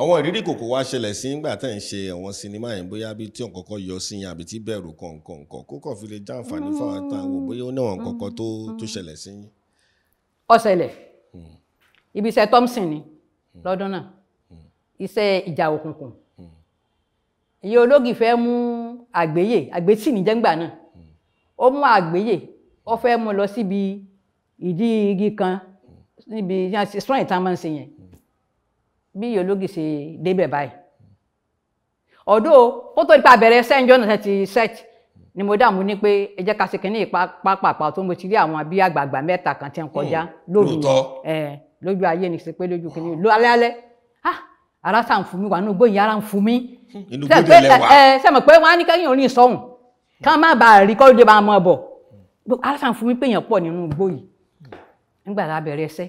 àwọn ìrírí kòkó wa ṣẹlẹ̀ sí nígbà tẹ̀ ń ṣe àwọn sinimá yẹn bóyá bí tí ọ̀kọ̀ọ̀kọ̀ yọ sí yẹn àbí tí bẹ̀rù kọ̀ọ̀kọ̀ọ̀kọ̀ kó kàn fi lè já àǹfààní fáwọn àtàwọn bóyá ó náà kọ̀ọ̀kọ̀ tó ṣẹlẹ̀ sí yín. ó ibi iṣẹ́ Thompson ni lọ́dún náà iṣẹ́ ìjà òkùnkùn ìyá ológì fẹ́ mú àgbéyè ó mú àgbéyè ó fẹ́ mú lọ síbi ìdí igi kan níbi strong ìtàn máa ń ṣe yẹn bí yòlógì ṣe débẹ̀ báyìí ọ̀dọ́ ó tó nípa bẹ̀rẹ̀ sẹ́ńjọ́ náà ti set ni mo dààmú ní pé ẹ jẹ́ ká ṣe kínní ìpápápá tó mo ti rí àwọn bí àgbààgbà mẹ́ta kan ti ń kọjá hmm, lóru lójú ayé ni ṣe pé lójú kínní ló alẹ́ alẹ́ ah, ara sàn fún mi wà nínú gbóyin ara ń fún mi. inú gbójú ẹlẹ́wà ẹ ṣe mọ̀ pé wọ́n á ní kẹ́yìn orin sọ̀hún ká má bàa rí kọ́ ló dé bá mọ́ bọ̀ alásàn fún mi pé èèyàn pọ̀ nínú igbó yìí nígbà tá a bẹ̀rẹ̀ ẹsẹ́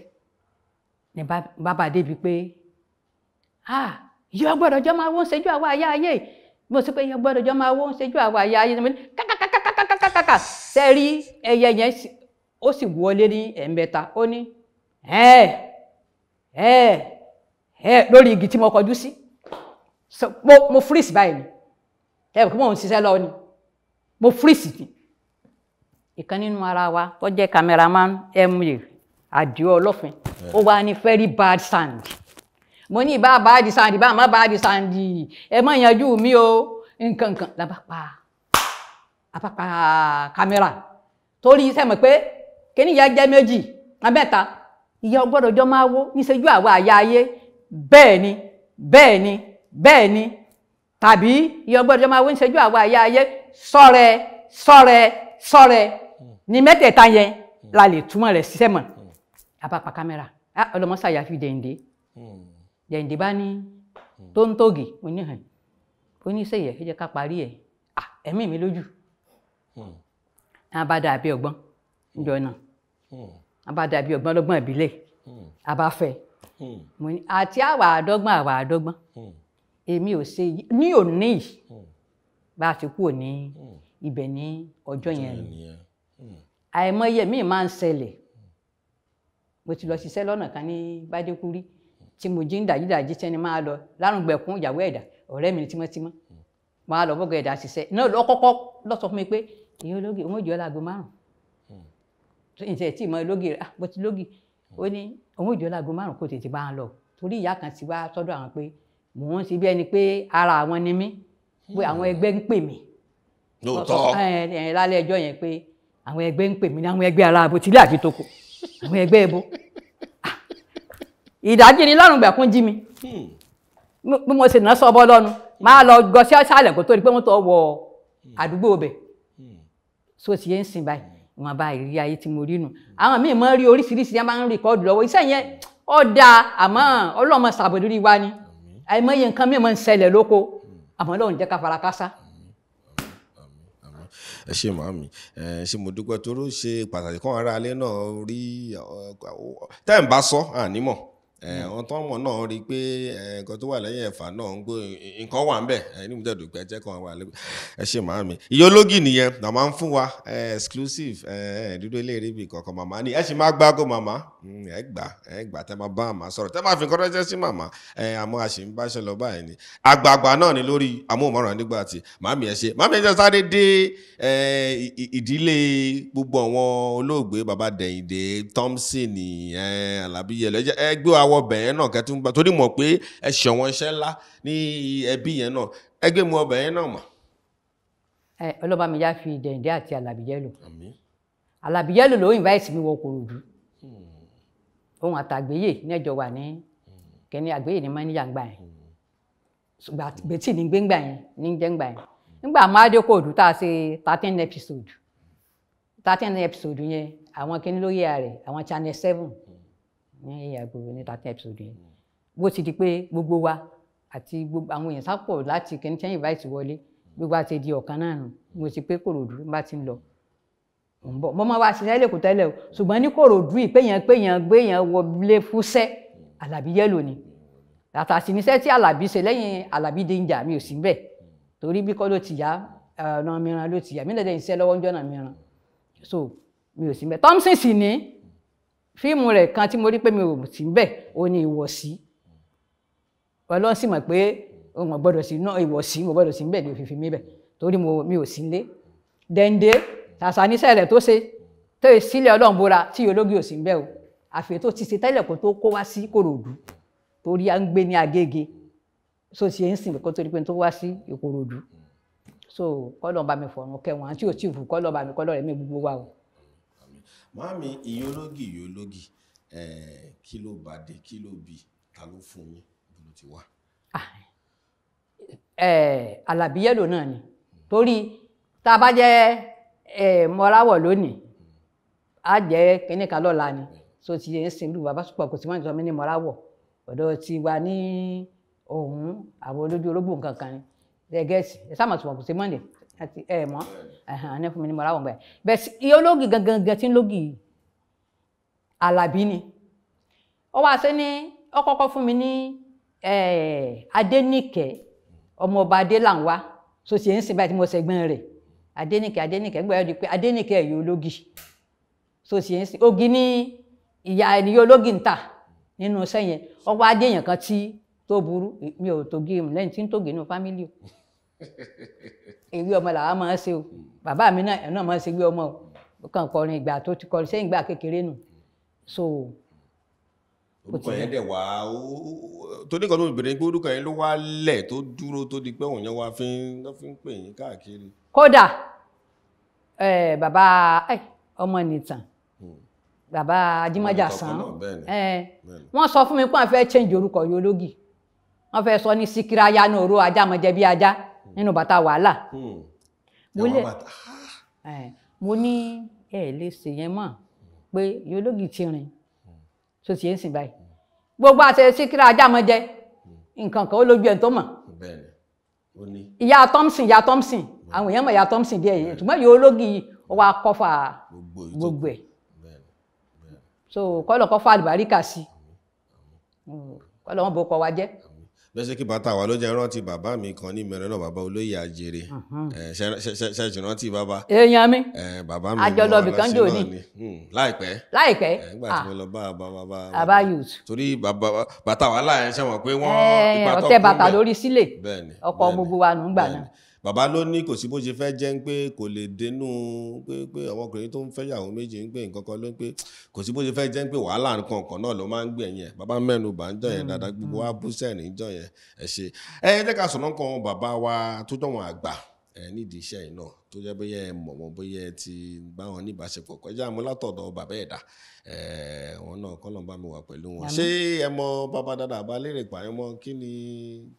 ni bàbá débi pé ah yọ gbọ́dọ̀ jọ máa wó ń ṣẹ́jú àwa ayé mo sọ pé yọ gbọ́dọ̀ jọ máa wó ń ṣẹ́jú àwa àyà ayé kàkàkàkàkàkàkà sẹ́rí ẹyẹ yẹn ó sì wọlé ní ẹ̀ẹ̀mẹ́ta ó ní ẹ̀ ẹ̀ ẹ̀ lórí igi tí mo kọjú sí mo freeze báyìí ẹ̀ kí mò ń ṣiṣẹ́ lọ́wọ́ ni mo fírìsì tì ìkan nínú ara wa tó jẹ́ cameraman ma àdìo ọlọ́fin ó wà ní very bad sand mo ní ìbá bad sand ìbá má bad sand ẹ má yanjú mi o nǹkan kan la bá pa a bá pa kámẹ́rà torí sẹ́mi pé kíní ìyá jẹ́ méjì abẹ́ta ìyá ọgbọ́dọ̀ jọ máa wó níṣẹ́jú àwa àyà ayé bẹ́ẹ̀ ni bẹ́ẹ̀ ni bẹ́ẹ̀ ni tàbí ìyá ọgbọ́dọ̀ jọ máa wó níṣẹ́jú àwa àyà ayé sọ́rẹ́ sọ́rẹ́ sọ́rẹ́ hmm. ní mẹ́tẹ̀ẹ̀ta yẹn hmm. la lè túmọ̀ hmm. a ṣiṣẹ́ mọ̀ abapa kámẹ́rà ọlọmọsàyà fi dẹ̀ǹdé dẹ̀ǹdé bá ní tóńtógì oníhàn oníṣẹ́yẹ̀ ẹ jẹ́ ká parí ẹ̀ ẹ̀mí mi lójú abada àbí ọgbọ́n njọ náà abada àbí ọgbọ́n lọ́gbọ́n ìbílẹ̀ abáfẹ́ àti àwà àdọ́gbọ́n àwà àdọ́gbọ́n èmi ò ṣe ni òní ni bá a ti kúrò ní hmm. ibẹ̀ ní ọjọ́ yẹn hmm. àìmọye míì máa ń ṣẹlẹ̀ hmm. mo ti lọ ṣiṣẹ́ lọ́nà kan ní bàdékúrí tí mo jí ń dàjídàjí sẹ́ni máa lọ lárùngbẹ̀kún ìyàwó ẹ̀dà ọ̀rẹ́ mi tímọ́tímọ́ máa lọ bọ́gọ̀ ẹ̀dà ṣiṣẹ́ náà lọ́kọ́kọ́ lọ sọ fún mi pé èyí ológi òun ò jẹ́ láago márùn ǹjẹ́ tí ìmọ̀ ológi rẹ̀ bó ah, ti lógi ó ní òun ò jẹ́ láago márùn kò tètè bá ń lọ torí ìyá kan ti wá sọ́dọ̀ àwọn pé mò ń ṣe bí ẹni pé ara àwọn ni mí pé hmm. àwọn ẹgbẹ́ ń pè mí lóòótọ́ lálẹ́ ẹjọ́ yẹn pé àwọn ẹgbẹ́ ń pè mí ní àwọn ẹgbẹ́ aláàbò tílé àti toko àwọn ẹgbẹ́ ẹbọ ah, ìdájí ni lọ́rùn gbà kún jí mi hmm. bí mo sì ná sọ́bọ́ lọ́nu máa lọ gọ sí ọ̀sálẹ̀ kó tó di pé mo tọ́ wọ hmm. àdúgbò bẹ̀ so ti yẹn ń sìn báyìí wọn bá ìrírí ayé tí mo rí nù àwọn míì máa ń rí oríṣiríṣi máa ń rìkọ́dù lọ́wọ́ iṣẹ́ yẹn ó àmọ́ ọlọ́mọ ṣàbòdúrí wa ni àìmọye nǹkan míì máa ń ṣẹlẹ̀ lóko àmọ́ lọ́run jẹ́ ká fara kásá ẹ ṣe màámi ẹ ṣe mo dúpẹ́ toró ṣe pàtàkì kan ara alẹ́ náà rí tẹ́ ẹ̀ ń bá sọ ànímọ̀ Hmm. wọn tó mọ̀ náà rí i pé nǹkan tó wà lẹ́yìn ẹ̀fà náà ń gbó nǹkan wà ń bẹ̀ níbi tẹ̀ dùpẹ́ jẹ́ kan wà lẹ́gbẹ̀ẹ́ ẹ ṣe màá mi ìyólógì nìyẹn màmá ń fún wa exclusive dúdú eléyìí bí kankan màmá ni ẹ ṣì máa gbáko màmá hmm, ẹ gbà ẹ gbà tẹ máa bá màmá sọ̀rọ̀ tẹ máa fi nǹkan rẹ́jẹ́ sí màmá àmọ́ àṣì ń báṣẹ lọ báyìí ni àgbààgbà náà ni lórí amóhùnmáwòrán nígbà tí màmí ẹ ṣe màmí ẹ ṣe sáré dé ìdílé gbogbo baba Dẹ̀yìndé Thompson alábíyẹlẹ ẹ gbé wa wọ bẹ̀yẹn náà kẹ́ tún gbà torí mọ̀ pé ẹ ṣọ̀wọ́n iṣẹ́ ńlá ní ẹbí yẹn náà ẹ gbé mu ọbẹ̀ yẹn náà mọ̀. ẹ ọlọ́ba mi yá fi dẹ̀ǹdẹ́ àti alàbíyẹ́lò alàbíyẹ́lò ló invite mi wọ Kòròdú ohun àtàgbéyè níjọ wà ní kẹ́ni àgbéyè ní mọ́níyà ń gbà yẹn gbètì ní gbẹ́ngbà yẹn ní jẹ́ngbà yẹn nígbà máàdé Kòròdú tá a ṣe thirteen episode thirteen episode yẹn àwọn kíní lóye rẹ̀ àwọn channel seven ní àgbo ní thirteen episode yẹn bó ti di pé gbogbo wa àti gbogbo àwọn èèyàn sápọ̀ láti kìíní tẹ́yìn báyìí ti wọlé gbogbo àti di ọ̀kan náà nù mo hmm. ti pé Kòròdú bá ti ń lọ bọ̀ mo máa wá ṣiṣẹ́ lẹ́kọ̀ọ́ tẹ́lẹ̀ o hmm. ṣùgbọ́n ní Kòròdú ìpéyàn péyàn gbéyàn wọlé fúnṣẹ́ Àlàbí hmm. yẹ́lò ni àtàtì níṣẹ́ tí Àlàbí ṣe lẹ́yìn Àlàbí danger mi ò sí bẹ́ẹ̀ torí bí kọ́ ló ti yá ọ̀nà mìíràn ló ti yá mi lẹ́dẹ̀ẹ́ iṣẹ́ lọ́wọ́ ń jọ́nà mìíràn so mi ò sí bẹ́ẹ̀ Thompson sì ní fíìmù rẹ̀ kan tí mo rí pé mi ò sí ń bẹ̀ ó ní ìwọ̀sí ọlọ́run sì mọ̀ pé mo gbọ́dọ̀ sí náà ìwọ̀sí mo gbọ́dọ̀ sí ń bẹ̀ ní òfìfì mi bẹ̀ torí mi ò sí nílé dẹ́ndé tàṣàníṣẹ́ rẹ̀ tó ṣe tó yẹ sílẹ̀ ọlọ́run bóra tí ológi ò sí ń o àfẹ́ tó ti ṣe tẹ́lẹ̀ kó tó kó wá sí Ìkòròdú torí à ń gbé ní Agége so ti ń sìn kó torí pé tó wá sí Ìkòròdú so kọ́lọ̀ bá mi fọ̀rùn kẹwọn àti òtí ìfù kọ́lọ̀ bá mi mi gbogbo Mami ìyólógì ìyólógì kí ló bá dé kí ló bí ta ló fún yín bó ló ti wá. Ah, alábí yẹ́lò náà ni torí tá a bá jẹ́ mọ́ráwọ̀ lónìí á jẹ́ kínníkan lọ́la ni so ti yẹn sin lu bàbá sùpọ̀ kò sí wọ́n ti sọ mí ní mọ́ráwọ̀ ọ̀dọ̀ ti wà ní ọ̀hún àwọn olójú olóbù nǹkan ni ẹ gẹ́sì ẹ sáà sùpọ̀ kò sí mọ́ndé àti ẹ eh, mọ ẹhàn ẹ n'i mi ní mo ráwọ gangan gan tí ń lóògì ni ó wá sí Adenike ó kọ́kọ́ fún mi ní eh, adénìkẹ́ ọmọọba adélànwá so sì mo ṣẹ̀gbọ́n rẹ̀ adénìkẹ́ Adenike gbọ́dọ̀ di pé adénìkẹ́ ẹ̀yọ́ so kan ti to buru mi <laughs> eré ọmọ làwa máa ń ṣe o bàbá mi náà ẹ̀ náà máa ń ṣe eré ọmọ o kàn kọrin ìgbà tó ti kọrin sẹ́yìn ìgbà kékeré nù so. orúkọ yẹn dẹ̀ wá tó ní kan tó bẹ̀rẹ̀ pé orúkọ yẹn ló wá lẹ̀ tó dúró tó di pé òun yẹn wá fi ń pè yín káàkiri. kódà bàbá ọmọ nìtàn hmm. bàbá Ajímọ́jà Sàn wọ́n sọ fún mi pé wọ́n fẹ́ change orúkọ yológi wọ́n fẹ́ sọ ní Síkírayá náà oró ajá mọ̀jẹ́ bí ajá nínú bàtà wàhálà. Hmm. Ah. mo ní ẹ lè ṣe yẹn mọ̀ pé yológi ti rìn tó ti ń sìn báyìí gbogbo àṣẹ síkírà ajá mọ jẹ nǹkan kan ó lójú ẹ̀ tó mọ̀ ìyá Thompson ìyá Thompson hmm. àwọn èèyàn mọ̀ ìyá Thompson díẹ̀ yẹn ṣùgbọ́n yológi ó wá kọ́fà gbogbo ẹ̀ so kọ́lọ̀ kọ́fà àlùbáríkà sí hmm, kọ́lọ̀ wọn bò kọ́ wa jẹ́ lọ́sẹ̀ kí bàtà wà ló jẹ́ rántí bàbá mi kan ní mẹ́rin náà bàbá olóyè àjèrè ṣẹ̀ṣẹ̀ rántí bàbá. èèyàn mi bàbá mi àjọlọ bìkan jò ní. láìpẹ́ láìpẹ́ nígbà tí ah. mo lọ bá bàbá bàbá youth. torí bàbá bàtà wà láàyè ṣẹ́wọ̀n pé wọ́n ìbátan kú bẹ́ẹ̀ ọ̀tẹ̀ bàtà lórí sílẹ̀ ọkọ̀ gbogbo wa nù ń gbà náà bàbá ló ní kò sí bó ṣe fẹ́ jẹ́ ń pé kò lè dénú pé pé ọmọkùnrin tó ń fẹ́ yàwó méjì ń pè nǹkan kan ló ń pé kò sí bó ṣe fẹ́ jẹ́ ń pé wàhálà nǹkan kan náà ló máa ń gbẹ̀yìn ẹ̀ bàbá mẹ́nu bà ń jọ yẹn dáadáa gbogbo wa bú sẹ́ẹ̀ níjọ yẹn ẹ ṣe ẹ jẹ́ ká sọ̀rọ̀ kan bàbá wa tó jọ wọn àgbà ẹ nídìí iṣẹ́ yìí náà tó jẹ́ bóyá ẹ mọ̀ wọn bóyá ẹ ti bá wọn ní ìbáṣepọ̀ kọjá àmú látọ̀dọ̀ bàbá ẹ̀dá wọn náà kọ́ ló ń bá mi wà pẹ̀lú wọn. ṣé ẹ mọ bàbá dáadáa bá lérè pààyàn mọ kí ni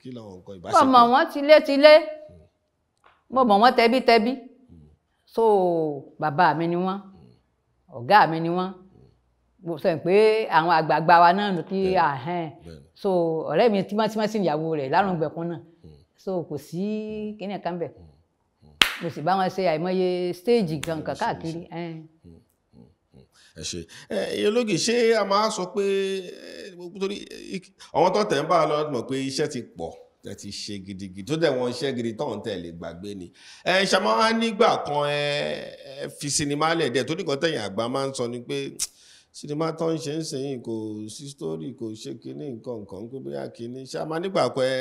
kí làwọn nǹkan ìbáṣepọ̀. ọmọ wọn ti lé ti lé hmm mo mọ̀ wọ́n tẹ́bítẹ́bí so bàbá mi ni wọ́n ọ̀gá mi ni wọ́n mo sọ pé àwọn àgbààgbà wa náà ló kí àhẹn so ọ̀rẹ́ mi tímọ́tímọ́ sí ìyàwó rẹ̀ lárùngbẹ̀kún náà mm. so kò sí kíní ẹ̀ka ń bẹ̀ mm. mo sì bá wọn ṣe àìmọye stéèjì mm. kankan káàkiri. ẹ ṣe olóògì ṣé a máa sọ pé àwọn tó tẹ̀ ń bá a lọ mọ̀ pé iṣẹ́ ti pọ̀ tẹ́ ti ṣe gidigidi tó dẹ̀ wọ́n iṣẹ́ gidi tọ̀hún tẹ̀ gbàgbé ni. ẹ ṣàmọ́ á nígbà kan ẹ fi sinimá lẹ̀ dẹ̀ tó nìkan tẹ̀yìn àgbà máa ń sọ ni pé sinimá tó ń ṣe ń sẹ́yìn kò sí sítórì kò ṣe kinní nǹkan nǹkan pé bóyá kinní ṣàmọ́ nígbà kan ẹ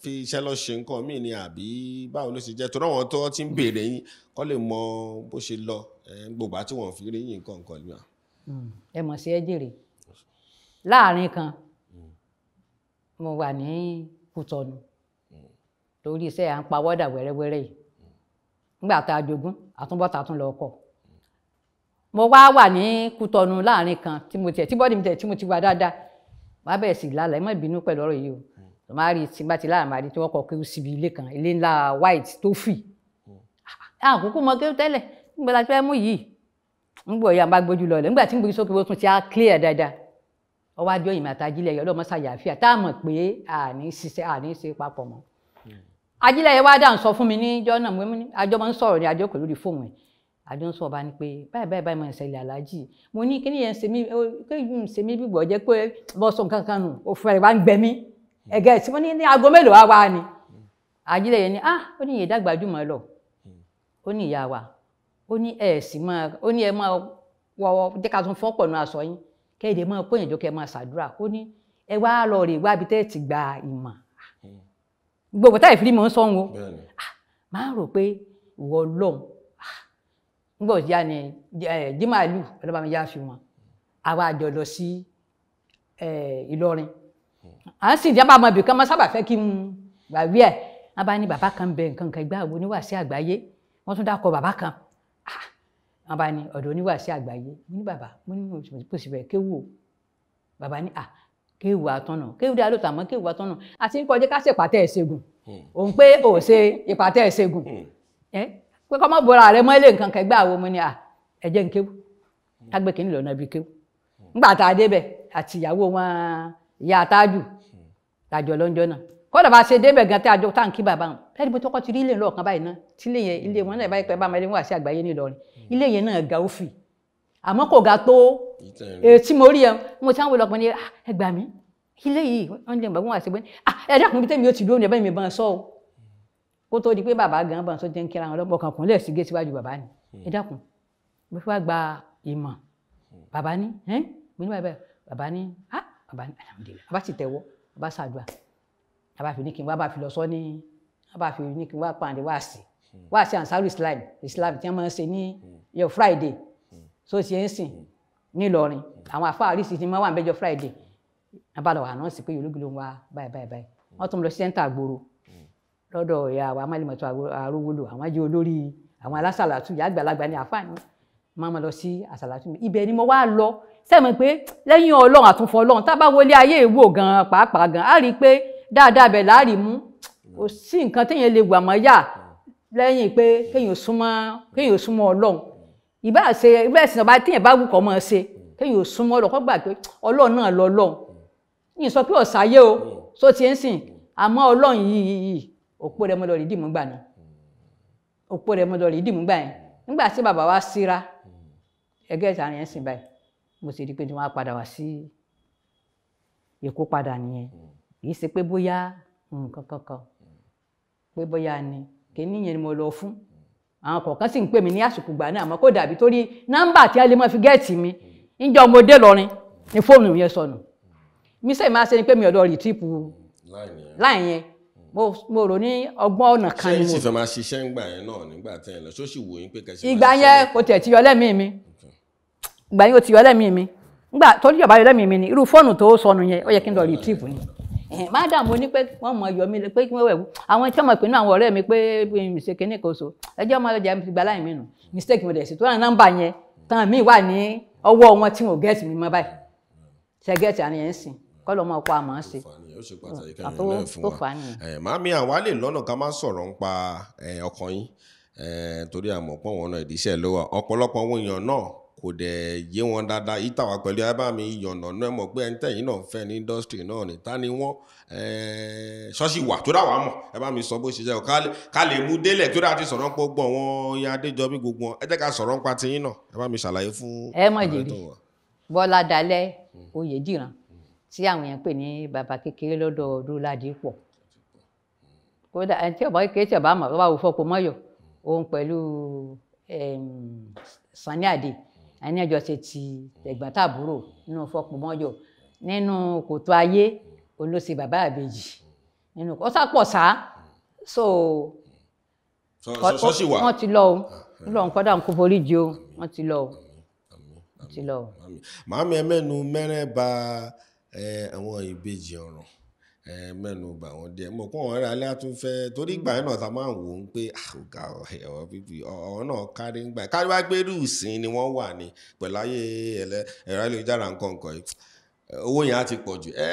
fi iṣẹ́ lọ ṣe nǹkan míì ni àbí báwo ló ṣe jẹ́ torí àwọn tó ti ń béèrè yín kó lè mọ bó ṣe lọ gbogbo àti wọn fi rí yín nǹkan nǹkan kú sọnù torí iṣẹ́ à ń pawọ́dà wẹ́rẹ́wẹ́rẹ́ yìí nígbà tá a jogún àtúbọ̀tà tún lọ kọ̀ mo wá wà ní kútọ́nu láàrin kan tí mo tiẹ̀ tí bọ́dì mi tẹ̀ tí mo ti wà dáadáa má bẹ̀rẹ̀ sí lálẹ́ má bínú pẹ̀lú ọ̀rọ̀ yìí o má rí tí bá ti láàrin má tí wọ́n kọ kéwú síbi ilé kan ilé ńlá white tó fì àkókò mọ kéwú tẹ́lẹ̀ nígbà tí wọ́n mú yìí ń gbọ́ ya má gbójú lọ lẹ̀ nígbà tí ń gbójú sókè wọ́n tún ti á clear dáadáa ọwọ́ adé òyìnbó àtàjílẹ̀ yọ lọ́mọ sàyàfíà tá a mọ̀ pé àní ṣiṣẹ́ àní ṣe papọ̀ mọ́. ajílẹ̀ yẹn wá dà ń sọ fún mi ní ìjọ náà àjọ máa ń sọ̀rọ̀ ní àjọkọ̀ lórí fóònù ẹ̀ àjọ ń sọ ọba ni pé báyìí báyìí báyìí máa ń ṣẹlẹ̀ aláàjì mo ní kí nìyẹn ṣe mí kí n ṣe mí bíbọ̀ jẹ́ pé bọ́ sọ nù òfin rẹ̀ wá ń ah ó ní ìyẹn dàgbàjúmọ̀ lọ ó ní ìyá wa ó ní ẹ̀ sì máa ó ní ẹ kẹ́ẹ̀dẹ̀ máa pọ́yìn jọ kẹ́ máa ṣàdúrà ó ní ẹ wá lọ rè wá ibi tẹ́ ti gba ìmọ̀ gbogbo táyì fílímù ń sọ̀hún o máa rò pé ìwọ ọlọ́run ah, nígbà tí a ní jimalu ọlọ́ba mi yá fi wọn àwa àjọ lọ sí Ìlọrin à ń sì jábà mọ ibìkan máa sábà fẹ́ kí n gbàgbé ẹ̀ wọ́n bá ní bàbá kan bẹ nǹkan kan ìgbà wo ni wàásù àgbáyé wọ́n tún dákọ̀ bàbá kan wọn bá ní ọ̀dọ̀ oníwàásí àgbáyé mo ní bàbá mo ní mo kò sì bẹ̀rẹ̀ kéwù o bàbá ní à kéwù àtọ̀nà kéwù dáa ló tà mọ́ kéwù àtọ̀nà àti ń kọjá ká ṣe ìpàtẹ́ ìṣègùn hmm. òun pé ò ṣe ìpàtẹ́ ìṣègùn hmm. ẹ pé kọ́mọ́ bọ́ra rẹ mọ́ ilé nǹkan kẹgbẹ́ àwọn ọmọ ni à ẹ jẹ́ ń kéwù tágbé hmm. kìíní lọ́nà ibi kéwù ńgbà tá a débẹ̀ àti ìyàwó wọn ìyá àtájù tàjọ lọ́njọ́ náà kódà bá a ṣe débẹ̀ gan tẹ́ àjọ táǹkì bàbá wọn ẹni pé tọkọ ti rí ilé lọ́ọ̀kan báyìí náà tí ilé yẹn ilé wọn náà báyìí pẹ́ bá máa lé wọn àṣẹ àgbáyé nílọrin hmm. ilé yẹn náà ga òfì àmọ́ kò ga tó tí mo rí ẹ mo ti àwọn ọlọpàá ní ah, ẹ gbà mí ilé yìí wọn jẹ ìgbàgbọ́n àṣẹ gbẹ́ni ẹ dákun bí tẹ́mi ó ti dúró ní ẹbẹ́ mi bọ́n sọ hmm. kó tó di pé bàbá gan bọ́n sọ jẹ́ ń kíra àwọn ọlọ́pàá kan kún lẹ̀ sí gé síwájú bàbá ni hmm. ẹ dákun mo ni ẹ mo ní bàbá ni ah bàbá ni alhamdulilayi bàbá ti tẹ̀wọ́ bàbá nàbà fi ní kí n wá bá fi lọ sọ ní nàbà fi ní kí n wá pàǹdé wá sí hmm. wá sí ansaru islam islam tí wọ́n máa ń ṣe ní hmm. yọ friday hmm. so ṣe ń sìn nílọrin àwọn àfa àríṣi ti máa wà níbẹjọ friday nàbà lọ àná sí pé yorùbá ló ń wá báyìí báyìí báyìí wọ́n tún lọ sí sẹ́ńtà àgbòrò lọ́dọ̀ ìyá àwọn amálẹ̀mọ̀tò àrówólò àwọn jẹ́ olórí àwọn alásàlátù ìyá àgbàlagbà ní àfààní máa ma lọ sí àsàlátù mi ibẹ̀ ni mo wá lọ sẹ́mi pé lẹ́yìn ọlọ́run àtúnfọ́ ọlọ́run tá a bá wọlé ayé ìwò gan-an pàápàá gan-an á rí i pé dáadáa bẹ̀ láàrí mú hmm. kò sí nǹkan téèyàn lè wà mọ́ yà hmm. lẹ́yìn pé kéèyàn súnmọ́ hmm. kéèyàn súnmọ́ ọlọ́run ìbá ṣe ìbá ẹ̀sìn ọba téèyàn bá wù kọ́ mọ́ ṣe kéèyàn súnmọ́ ọlọ́run kó gbà pé ọlọ́run náà lọ ọlọ́run yìí sọ pé ọ̀sáyé o só ti ń sìn àmọ́ ọlọ́run yìí yìí òpó rẹ̀ mọ́ lọ rí dìmú gbà náà òpó rẹ̀ mọ́ lọ rí dìmú gbà yẹn nígbà tí bàbá wa síra ẹgẹ́ ìsàrin ẹ̀sìn báyìí mo sì rí i pé tí wọ́n á padà wá sí èkó padà nìyẹn kì í ṣe pé bóyá nǹkan hmm, kankan pé bóyá ni kìíní yẹn ni mo lọ fún àwọn kọ̀ọ̀kan sì ń pè mí ní àsìkò dàbí torí nọ́mbà tí a lè mi níjọ́ ọmọ dé lọrin ni fóònù yẹn sọnù mi sẹ́yìn máa ṣe ni pé mi lọ tíìpù láì yẹn mo rò ní ọgbọ́n ọ̀nà kan ni mo. ṣé máa ṣiṣẹ́ yẹn náà nígbà tẹ́ ẹ lọ ṣó pé kẹsì. ìgbà yẹn ti mi ìgbà yẹn kò ti mi nígbà tó ìjọba yọ lẹ́mìí mi ni madam mo ní pé wọ́n mọ yọ mí pé kí wọ́n wẹ̀ wú àwọn tí wọ́n mọ̀ pé náà àwọn ọ̀rẹ́ mi pé mistake ní kòso ẹjọ́ ọmọ ọjà mi gba láì mí nù mistake mi dẹ̀ sí tó wà nọ́mbà yẹn tán mi wà ní ọwọ́ wọn tí wọn ò gẹ́ẹ̀tì mi mọ́ báyìí ṣe gẹ́ẹ̀tì àníyàn ń sìn kọ́ lọ́mọ ọkọ àmọ́ ṣe ó ṣe pàtàkì hmm, káyọ̀ lẹ́yìn fún wa màámi àwa lè lọ́nà ká má sọ̀rọ̀ ń pa ọkàn yín torí àmọ̀pọ̀ wọn náà ìdíṣẹ́ ló wà ọ̀pọ̀lọpọ̀ àwọn èèyàn náà kò dẹ̀ yé wọn dáadáa yìí tàwa pẹ̀lú abámi yọ̀nà náà mọ̀ pé ẹni tẹ̀yìn náà fẹ́ ní indọ́sítírì náà níta ni wọ́n ṣọ́ọ̀ṣì wà tó dáwà mọ̀ ẹ sọ bó ṣe jẹ́ ká lè mú délẹ̀ tó dáa ti sọ̀rọ̀ ń pọ̀ gbọ̀n wọn ya Adéjọbí gbogbo wọn ẹ jẹ́ ká sọ̀rọ̀ ń pa tiyín náà ẹ ṣàlàyé fún. ẹ mọ̀ jèrè Bọ́lá Dalẹ́ hmm. Oyèdìran tí àwọn èèyàn pè ní bàbá kékeré lọ́dọ̀ Ọdúnládìpọ̀ kódà àní àjọṣe ti tẹ̀gbọ́n-tàbúrò mm. nínú fọpọmọjọ nínú kòtò ayé olóṣè bàbá àbèjì mm. nínú kò sápọ̀ sá mm. so wọ́n ti lọ o ah, lọ́n kọ́dà ń kó forí jì o wọ́n ti lọ o wọ́n ti lọ o. màámi ẹ mẹ́nu mẹ́rẹ́ ba àwọn ìbejì ọ̀ràn ẹ mẹ́nu bà wọ́n díẹ̀ mo kún ọ̀rẹ́ alẹ́ àtúnfẹ́ torí hmm. ìgbà náà ta máa ń wò ó pé àwògà ah, ọ̀rọ̀ pípi ọ̀rọ̀ náà kárí ń gbà kárí wá pé rúùsìn ni wọ́n wà ní pẹ̀lú ayé ẹ̀rọ ayélujára nǹkan nǹkan yìí owó yẹn á ti pọ̀ jù ẹ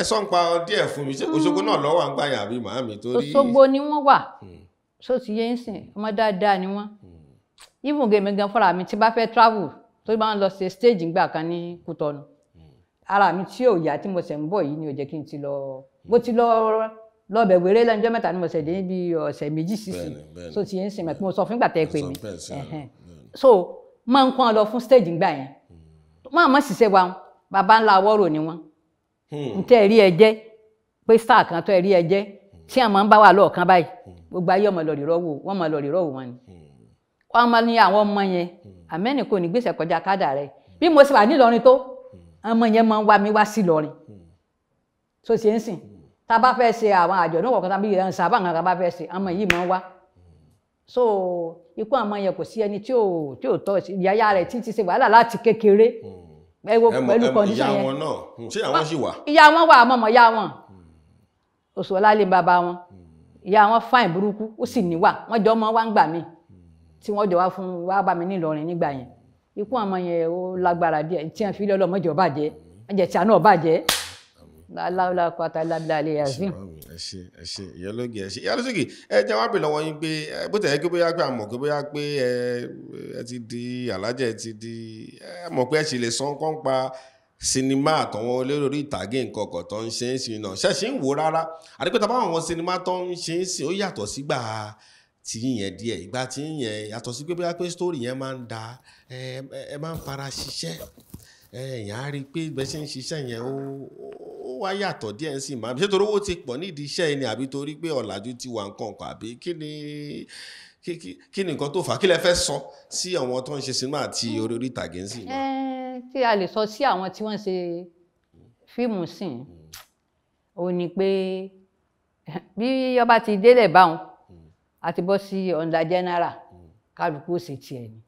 ẹ sọ ń pa díẹ̀ fún mi ṣé Òṣogbo náà lọ́wọ́ à ń gbàyàn àbí màámi torí. Òṣogbo ni wọ́n wà so hmm. ti yé ń sìn ọmọ dáadáa ni wọ́n hmm. even gèmí gan fúnra mi tí bá fẹ́ travel tó bá ń lọ ṣe stage ńgbà kan ní Kútọ́nù ara mi tí ò yá tí mo ṣẹ̀ ń bọ̀ yìí ni ò jẹ́ kí n ti lọ bó hmm. ti lọ lọ́ọ̀bẹ̀ wéré lẹ́njọ́ mẹ́ta ni mo ṣẹ̀ dé níbi ọ̀sẹ̀ méjì sísìn so ti ń sìn mẹ́ pé mo sọ fún ìgbà tẹ́ pé mi so máa ń kọ́ ọ lọ fún stage ńgbà yẹn máa hmm. mọ̀ ṣiṣẹ́ wa bàbá ńlá awọ́rò ni wọ́n hmm. n tẹ́ ẹ rí ẹ jẹ́ pé sáà kan tó ẹ rí ẹ jẹ́ tí àwọn ń bá wà lọ́ọ̀kan báyìí gbogbo ayé ọmọ lọ́ọ̀rì rọ́wọ́ wọ́n mọ lọ́ọ̀rì rọ́wọ́ wọn ni wọ́n mọ ní àwọn ọmọ yẹn àmẹ́ni ní gbèsè kọjá kádà rẹ̀ bí mo ṣe wà nílọrin tó ọmọ yẹn máa ń wá mi wá sí Ìlọrin hmm. so ṣe ń sìn hmm. tá a bá fẹ́ ṣe àwọn àjọ̀dún kọ̀ọ̀kan tá a bí ìran sábà kankan bá fẹ́ ṣe ọmọ yìí máa ń wá hmm. so ikú ọmọ yẹn kò sí ẹni tí ò tí ò tọ́ ìyáyá rẹ̀ títí ṣe wàhálà láti kékeré ẹwọ pẹ̀lú kọ̀ǹdíṣàn yẹn ìyá wọn náà ṣé àwọn sì wà. ìyá wọn wà mọ̀mọ́ ìyá wọn Òṣùọlá lé bàbá wọn ìyá wọn fáìn burúkú ó sì níwà wọn jọ ọmọ wa ń gbà mí tí wọn jọ wá fún wa bá mi nílọrin nígbà yẹn ikú àwọn yẹn ó lágbára díẹ̀ tí wọ́n fi lé ọlọ́mọdé ọ̀bàjẹ́ ẹ̀jẹ̀ta náà bàjẹ́ aláwọlá pátá lábílálẹ̀ yazim. ẹ ṣe ẹ ṣe ìyálógì ẹ ṣe ìyálógì ẹ jẹ́ wá bè lọ́wọ́ yín pé bó tẹ̀ ẹ́ kí bóyá pé àmọ̀ kí bóyá pé ẹ ẹ ti di alájà ẹ ti di ẹ mọ̀ pé ẹ sì lè san kán pa sinimá àtọwọn olórí ìtàgé nǹkan kan tó ń ṣe é sìn náà ṣẹ̀ṣẹ̀ ń wò rárá àdìpẹ́ tàbá àwọn sinimá tó ń ṣe é sìn ó yàtọ̀ sígbà tí yẹn díẹ̀ ìgbà tí yẹn yàtọ̀ sí pé bóyá pé sítórì yẹn máa ń da ẹ máa ń fara ṣiṣẹ́ èèyàn á rí i pé gbèsè ń ṣiṣẹ́ yẹn ó ó wá yàtọ̀ díẹ̀ ń sì máa ṣé torí owó ti pọ̀ nídìí iṣẹ́ yìí ni àbí torí pé ọ̀làjú ti wà nǹkan kan àbí kí ni kí ni nǹkan tó fà á kí lẹ fẹ́ sọ sí àwọn tó ń ṣe sinimá àti orí orí ìtàgé ń sìn. tí a lè sọ sí àwọn tí wọ́n ṣe fíìmù sìn hmm. ó ní pé bí ọba ti délẹ̀ báwọn àti hmm. bọ́ sí ọ̀ndà jẹ́nẹ́rà hmm. kálukú ó tiẹ̀ ni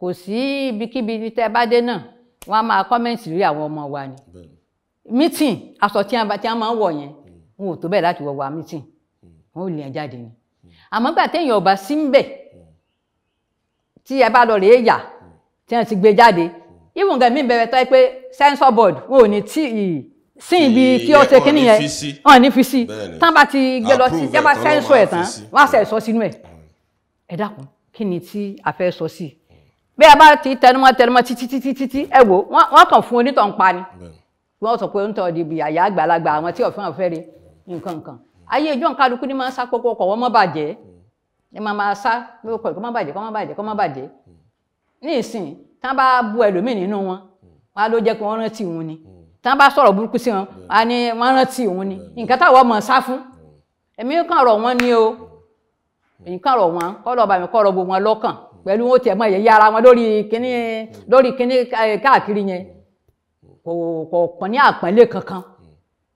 kò sí ibikíbi tẹ́ ẹ bá dé náà wọ́n á máa kọ́mẹ̀ǹtì lórí àwọn ọmọ wa ni mítìn aṣọ tí a máa ń wọ̀ yẹn wọn hmm. ò tó bẹ́ẹ̀ láti wọ̀ wá mítìn wọn ò lè yàn jáde ni hmm. àmọ́ gbà téèyàn ọba sí ń bẹ̀ hmm. tí ẹ bá lọ rèé yà tí wọ́n ti gbé jáde ìwọ̀n gẹ̀mí bẹ̀rẹ̀ tọ́ ẹ pé sensor board wọn ò ní tí sí ibi tí ó ṣe kíní yẹn wọn ní fi sí tán bá ti gbé lọ sí jẹ́ bá sẹ́ńsọ̀ ẹ̀ tán wọ́n á sẹ̀ sọ sínú ẹ̀ ẹ dákun kí tí a fẹ́ sọ sí bí ẹ bá ti tẹnumọ́ tẹnumọ́ títí títí títí ẹ wò wọ́n kàn fún onítàn pa ni wọ́n sọ pé ń tọ́ di ibi àyà àgbàlagbà àwọn tí ọ̀fẹ́ ọ̀fẹ́ re nǹkan nǹkan ayé ìjọ nǹkan alukú ni máa ń sá kókó ọkọ̀ wọ́n má bàjẹ́ ẹ máa máa sá lórúkọ ìkọ́ má bàjẹ́ kọ́ má bàjẹ́ kọ́ má bàjẹ́ ní ìsìn tán bá bu ẹlòmíì nínú wọn wọn á ló jẹ́ pé wọ́n rántí òun ni tán bá sọ̀rọ̀ burúkú sí wọn á ní wọ́n rántí òun ni nǹkan táwọn mọ̀ sá fún ẹ̀mí kàn rọ̀ wọ́n ni o èyí kàn rọ̀ wọ́n kọ́ lọ́ọ́ bàmí kọ́ rọ̀ gbogbo wọn lọ́kàn pẹ̀lú wọn tiẹ̀ mọ ẹ̀yẹ ara wọn lórí kíní lórí kíní káàkiri yẹn kò kò kàn ní àpọ́nlé kankan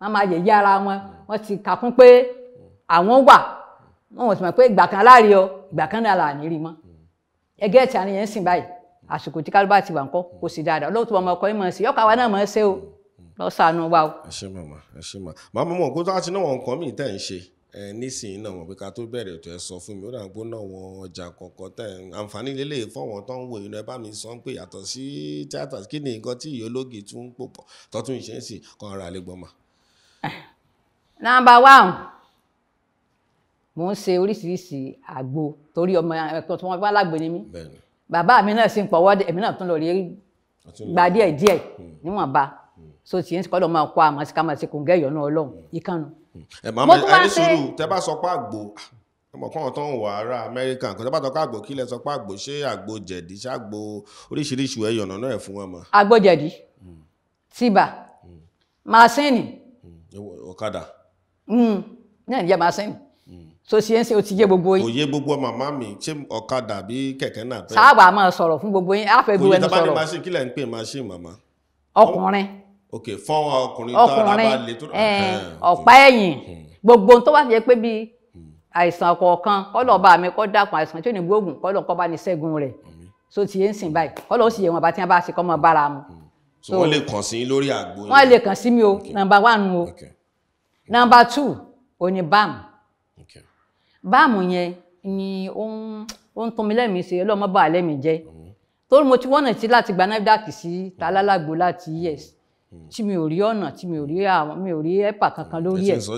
wọn máa yẹ̀yẹ́ ara wọn wọn ti kà kún pé àwọn wà wọn ò sì mọ̀ pé ìgbà kan láàrin ọ ìgbà kan náà là ní rí mọ́ ẹgẹ́ ti àárín yẹn ń sìn báyìí àsìkò tí kálíbà ti wà ń kọ́ kò sì dáadáa olóòtú ọmọ ọkọ yìí mọ̀ ẹ́ sí yọkàwá náà mọ̀ ẹ́ sí o lọ́sàánú wa o. ẹ ṣé màmá ẹ ṣé màmá màmá mọ̀ kó tó àti náà wọn kàn mí tẹ̀ ẹ nísìnyí náà mọ̀ pé ká tó bẹ̀rẹ̀ ètò ẹ sọ fún mi ó dàn gbóná wọn ọjà kọ̀ọ̀kan tẹ̀ àǹfààní lélẹ̀ fọ̀wọ́n tó ń wo inú ẹ bá mi sọ pé yàtọ̀ sí tíátà kí ni nǹkan tí ìyá ológi tún ń pò pọ̀ tọ́tún ìṣe ń sì kọ́ ara lè gbọ́n mà. nọ́mbà one ń ṣe oríṣiríṣi àgbo torí ọmọ ẹ̀kọ́ tí wọ́n bá lágbo ni mí bàbá mi náà sì ń pọ̀wọ́ èmi náà tún lọ rí gba díẹ̀ díẹ̀ hmm. níwọ̀nba hmm. so tiẹ̀ ń kọ́ lọ́ máa kọ́ àmọ́ sí ká máa ṣe kò ń gẹ́yọ̀ náà ọlọ́run hmm. ìkànnì mo tún wá ṣe tẹ bá sọ pé àgbò ọmọ kan tó ń wà ará amẹ́ríkà nǹkan tó bá tọ́ka àgbò kílẹ̀ sọ pé àgbò ṣé àgbò jẹ̀dí ṣàgbò oríṣiríṣi ẹ̀yọ̀nà náà ẹ̀ fún wọn mọ́. àgbò jẹ̀dí hmm. tìbà màsíìnì. Hmm. Hmm. ọ̀kadà. náà níjẹ́ màsíìnì so ṣe ń ṣe o ti yé gbogbo yín. òye gbogbo màmá mi ṣé ọ̀kadà bí kẹ̀kẹ́ náà. sábà máa sọ̀rọ̀ fún gbogbo yín àfẹ́ gbogbo ẹni sọ̀rọ̀. kò tábà ní machine kílẹ̀ ń pè machine màmá. ọkùnrin ok fọ́nwọ́n ọkùnrin tára bá lè tó eh, ọ̀pá ẹ̀yìn hmm. gbogbo tó bá fi jẹ́ pé bíi hmm. àìsàn kọ̀ọ̀kan kọ́lọ̀ bá mi kọ́ dákun àìsàn tí ò ní gbóògùn kọ́lọ̀ kọ́ bá ní ṣẹ́gun rẹ̀ so ti yé ń sìn báyìí kọ́lọ̀ ó sì yẹ wọn bá tí wọn bá ṣe kọ́ mọ bára mu. Hmm. so wọn lè kàn sí lórí àgbo wọn lè kàn sí mi o nọ́mbà one o nọ́mbà two o ní báàmù báàmù yẹn ni ó ń tún mi lẹ́mìí ṣe ọlọ́mọba àlẹ́mìí jẹ́ torí mo ti wọ́nà tí láti gba NAFDAC sí ta láti yes. Mm Hmm. tí mi ò rí ọ̀nà tí mi ò rí àwọn mi ò rí ẹ̀pà kankan hmm. lórí ẹ̀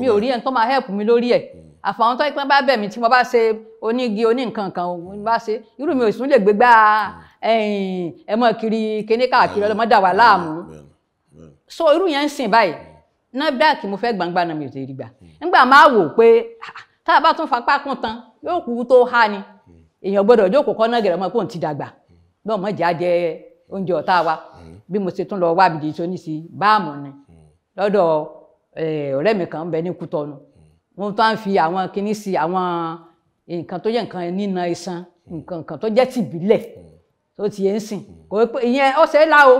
mi ò rí ẹ̀ máa help mi lórí ẹ̀ hmm. àfàwọn tó ń bá bẹ̀ mí tí mo bá ṣe onígi oníǹkankan bá ṣe irú mi ò sún lè gbégbá ẹ̀mọ́ kiri kíní káàkiri ọlọ́mọ láàmú so irú yẹn ń sìn báyìí náà bẹ́ẹ̀ kí mo fẹ́ gbangba náà mi ò tẹ̀lé gbà nígbà máa wò pé ah, tá a bá tún fapá kún tán yóò kú tó há ni èèyàn gbọ́dọ̀ bí mo ṣe tún lọ wábi di ìṣoníṣi báàmù ni lọ́dọ̀ eh, ọ̀rẹ́ mi kan ń bẹ ní Kútọ́nù wọ́n tó ń fi àwọn kinní sí àwọn nǹkan tó jẹ́ nǹkan nína iṣan nǹkan nǹkan tó jẹ́ tìbílẹ̀ tó ti yẹn ń sìn kò pé ìyẹn ọ̀sẹ̀ la o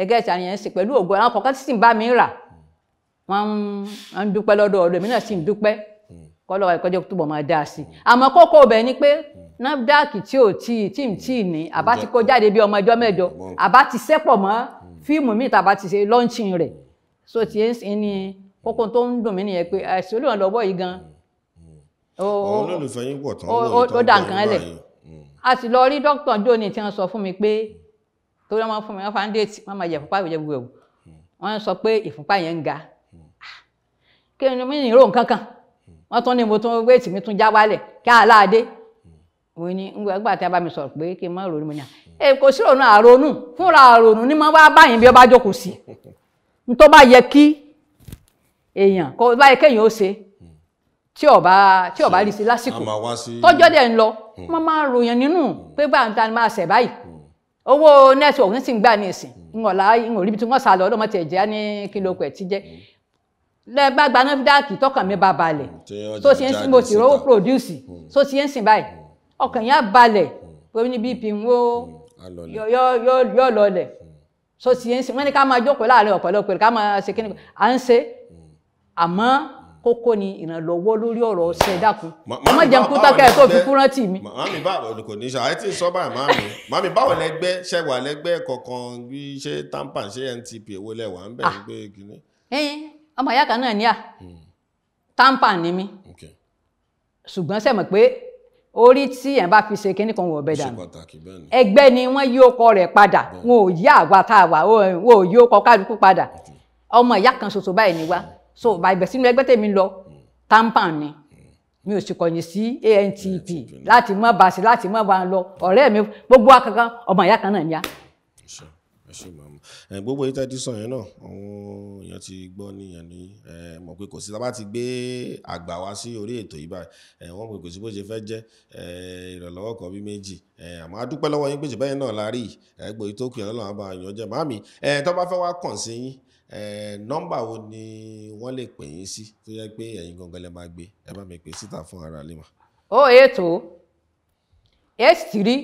ẹ̀gẹ́ ìṣàn yẹn ń sìn pẹ̀lú ògo àwọn kọ̀ọ̀kan sì ń bá mi rà wọ́n ń dúpẹ́ lọ́dọ̀ ọ̀rẹ́ mi náà sì ń dúpẹ́ kọ́lọ́ ẹ̀kọ́jọ́ túbọ̀ máa dáa sí i àmọ́ kókó ọbẹ̀ ni pé NAFDAC tí ò tí tí ì tí ì ní àbá ti kó jáde bí ọmọ ẹjọ́ mẹ́jọ àbá ti sẹ́pọ̀ mọ́ fíìmù míì tàbá ti ṣe lọ́ńchìn rẹ̀ so ti ẹ̀ ń sìn ní kókó tó ń dùn mí nìyẹn pé àìsàn olóòrùn lọ́wọ́ yìí gan. Mm, mm, mm. olólùfẹ́ yín pọ̀ tán ó dà nǹkan ẹlẹ̀ a sì lọ rí dókítà jóni tí wọ́n sọ fún mi pé torí wọ́n fún mi wọ́n fa ń déètì wọ́n máa yẹ ìfúnpá ìwé gbogbo ẹ̀wò wọ́n sọ pé ìfúnpá yẹn ń ga ah, kí ni mi ní ìró nǹkan kan wọ́n tún ní mo tún wéètì mi tún já wálẹ̀ kí aláàdé mo ní ngbà tí a bá mi sọ̀rọ̀ pé kí n má ronú mo ní à hmm. ẹ kò sí fúnra ni mo bá báyìí bí ó jókòó sí ntọ́ <laughs> bá yẹ kí èèyàn kó bá yẹ kéèyàn ó ṣe hmm. tí ó tí ó rí sí lásìkò tọ́jọ́ dẹ̀ ń lọ hmm. wọ́n máa ròyìn nínú ni máa báyìí owó sì ń gbà ní ìsìn tí wọ́n sá lọ ọlọ́mọ ọkàn yẹn á balẹ̀ pẹ̀lú ní bp ń wó yóò hmm, lọlẹ̀ hmm. so ti yẹn ń ṣe wọ́n ní ká máa jókòó láàrin ọ̀pọ̀lọpọ̀ ká máa ṣe kíni à ń ṣe hmm. àmọ́ kókó ni ìrànlọ́wọ́ lórí ọ̀rọ̀ ọ̀sẹ̀ dákun ọmọ jẹun kú tọ́kẹ́ tó fi kú rántí mi. màmí báwo kò ní sọ àyè tí ń sọ báyìí màmí màmí báwo lẹgbẹ́ ṣe wà lẹgbẹ́ kọ̀ọ̀kan bí ṣe tampan ṣe ntp owó lẹ́wà ń bẹ̀ ah. gbé kíní. ẹyin ọmọ ìyá kan náà ní à tampan ni mí ṣùgbọ́n sẹ́mọ̀ pé orí tí ẹ̀ bá fi ṣe kínní kan wọ̀ bẹ́ẹ̀ dànù ẹgbẹ́ ni wọ́n yí ọkọ rẹ̀ padà wọn ò yí àgbà tá a wà wọn ò yí ọkọ kálukú padà ọmọ ìyá kan ṣoṣo báyìí ni wá so bàbá sínú ẹgbẹ́ tèmi lọ hmm. tampan ni hmm. mi ò sì kọ̀yìn sí ANTP láti mọ́ bá sí láti mọ́ bá ń lọ ọ̀rẹ́ mi gbogbo akankan ọmọ ìyá kan náà ni a ṣe màmú gbogbo yìí tẹ́tí sàn náà àwọn èèyàn ti gbọ́ nìyẹn ní mọ̀ pé kò sí tá bá ti gbé àgbà wá sí orí ètò yìí báyìí wọ́n pè kò sí bó ṣe fẹ́ jẹ́ ìrànlọ́wọ́ kan bí méjì àmọ́ a lọ́wọ́ yín pé ṣùgbọ́n náà la ẹgbẹ́ yìí tó kù yẹn àbá yàn jẹ́ màmí tó bá fẹ́ wá kàn sí yín nọ́mbà wo ni wọ́n lè pè yín sí tó yẹ pé ẹ̀yin gangan lẹ máa gbé ẹ bá mi pè síta fún ara lè mà. o oh, eight o oh, eight three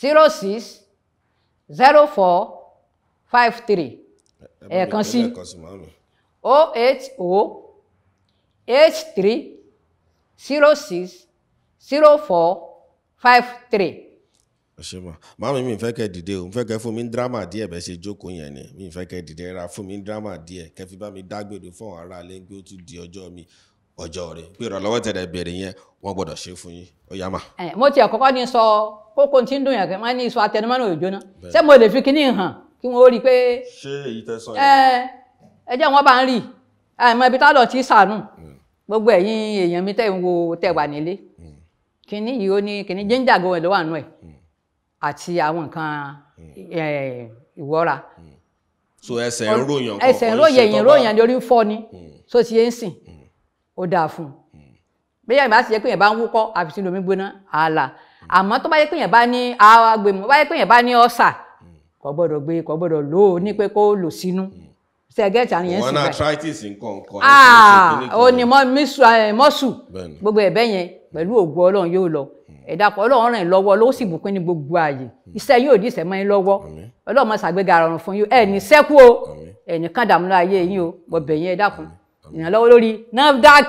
zero six zero four five three ẹ̀ẹ̀kan sí o eight three zero six zero four five three. ṣe mọ màámi mi fẹ́ kẹ́ dìde o n fẹ́ kẹ́ fún mi ní dírámà díẹ̀ bẹ́ẹ̀ ṣe jókòó yẹn ni mi fẹ́ kẹ́ dìde ra fún mi ní dírámà díẹ̀ kẹ́ fi bá mi dágbére fún àwọn aráalé pé ó tún di ọjọ́ mi ọjọ́ rẹ̀ pé ìrànlọ́wọ́ tẹ̀lé bẹ̀rẹ̀ yẹn wọ́n gbọ́dọ̀ ṣe fún yín ó yá mà. ẹ mo ti àkọ́kọ́ ní sọ kókó tí ń dùn yàn kí wọ́n ní sọ atẹnumọ́ náà òjò náà ṣé mo lè fi kíní hàn kí wọ́n rí i pé. ṣé èyí tẹ sọ yẹn. ẹ jẹ́ wọ́n bá ń rí àmọ́ ibi tálọ̀ ti sànù hmm. gbogbo ẹ̀yin èèyàn mi tẹ̀ ń wo tẹ̀ wà nílé hmm. kíní yìí ó ní kíní jíńjà gan ló wà nù ẹ̀ hmm. àti àwọn ó dáa fún un bí yàrá ìbáṣe yẹ pé yẹn bá ń wúkọ́ àfi sínú omi gbóná ààlà àmọ́ tó bá yẹ pé yẹn bá ní agbèmọ bá yẹ pé yẹn bá ní ọ̀sà kò gbọ́dọ̀ gbé kò gbọ́dọ̀ lò ó ní pé kó lò sínú sẹgẹtì àníyàn sí bẹ́ẹ̀ wọn arthritis nǹkan ah, kan ó ní eh, mọ́sù gbogbo ẹ̀bẹ̀ yẹn pẹ̀lú ògùn Ọlọ́run yóò lọ ẹ̀dá kan Ọlọ́run ràn yín lọ́wọ́ ló sì bùkún ní gbogbo ààyè hmm. iṣẹ́ yóò di ìṣẹ̀mọ́ yín lọ́wọ́ Ọlọ́run máa ṣàgbéga ọ̀run fún yín ẹ̀ ní sẹ́kù o ẹ̀ ní kàndàmúlò ayé yín o bọ̀bẹ̀ yín ẹ̀dá kan ìrànlọ́wọ́ lórí NAFDAC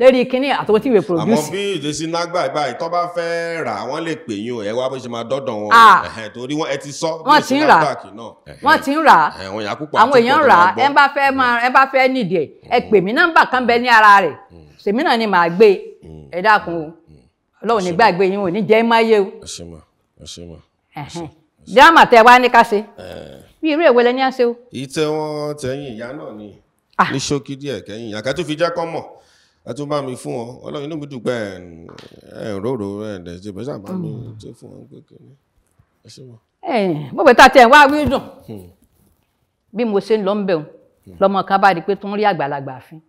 lórí kínní àtọwọ́ tí ìwé produce. àmọ́ bí ìdésí nágbà báyìí tó bá fẹ́ rà wọ́n lè pè yín o ẹ wá bó ṣe máa dọ́dọ̀ wọn ah. torí wọn ẹ ti sọ bí ìdésí NAFDAC náà. wọ́n ti ń rà àwọn èèyàn rà ẹ bá fẹ́ máa ẹ bá fẹ́ nídìí ẹ ẹ pè mí nọ́mbà kan bẹ ní ara rẹ̀ sèmi mm. náà ni màá gbé mm. ẹ dákun o mm. ọlọ́run ní gbàgbé yín o ní jẹ́ máyé o. dírámà tẹ wá ní ká ṣe bí irú èwe lẹ ní á ṣe o. ìtẹ̀wọ̀n tẹ̀yìn ìyá náà ni. Ah. ní ṣókí díẹ̀ kẹ́yìn àkàtú fi jẹ́ kọ́ mọ̀ a tún bá mi fún ọ ọlọ́run inú mi dùgbẹ́ ẹ̀ ń róró ẹ̀ ẹ̀ ṣe bẹ́sà bá mi mm. ṣe fún ọ kékeré ẹ ṣe mọ. ẹ mo bẹ ta tẹ wá wí dùn hmm. bí mo ṣe ń lọ ń bẹ̀ wọn hmm. lọmọ kan bá di pé tó ń rí àgbàlagbà fín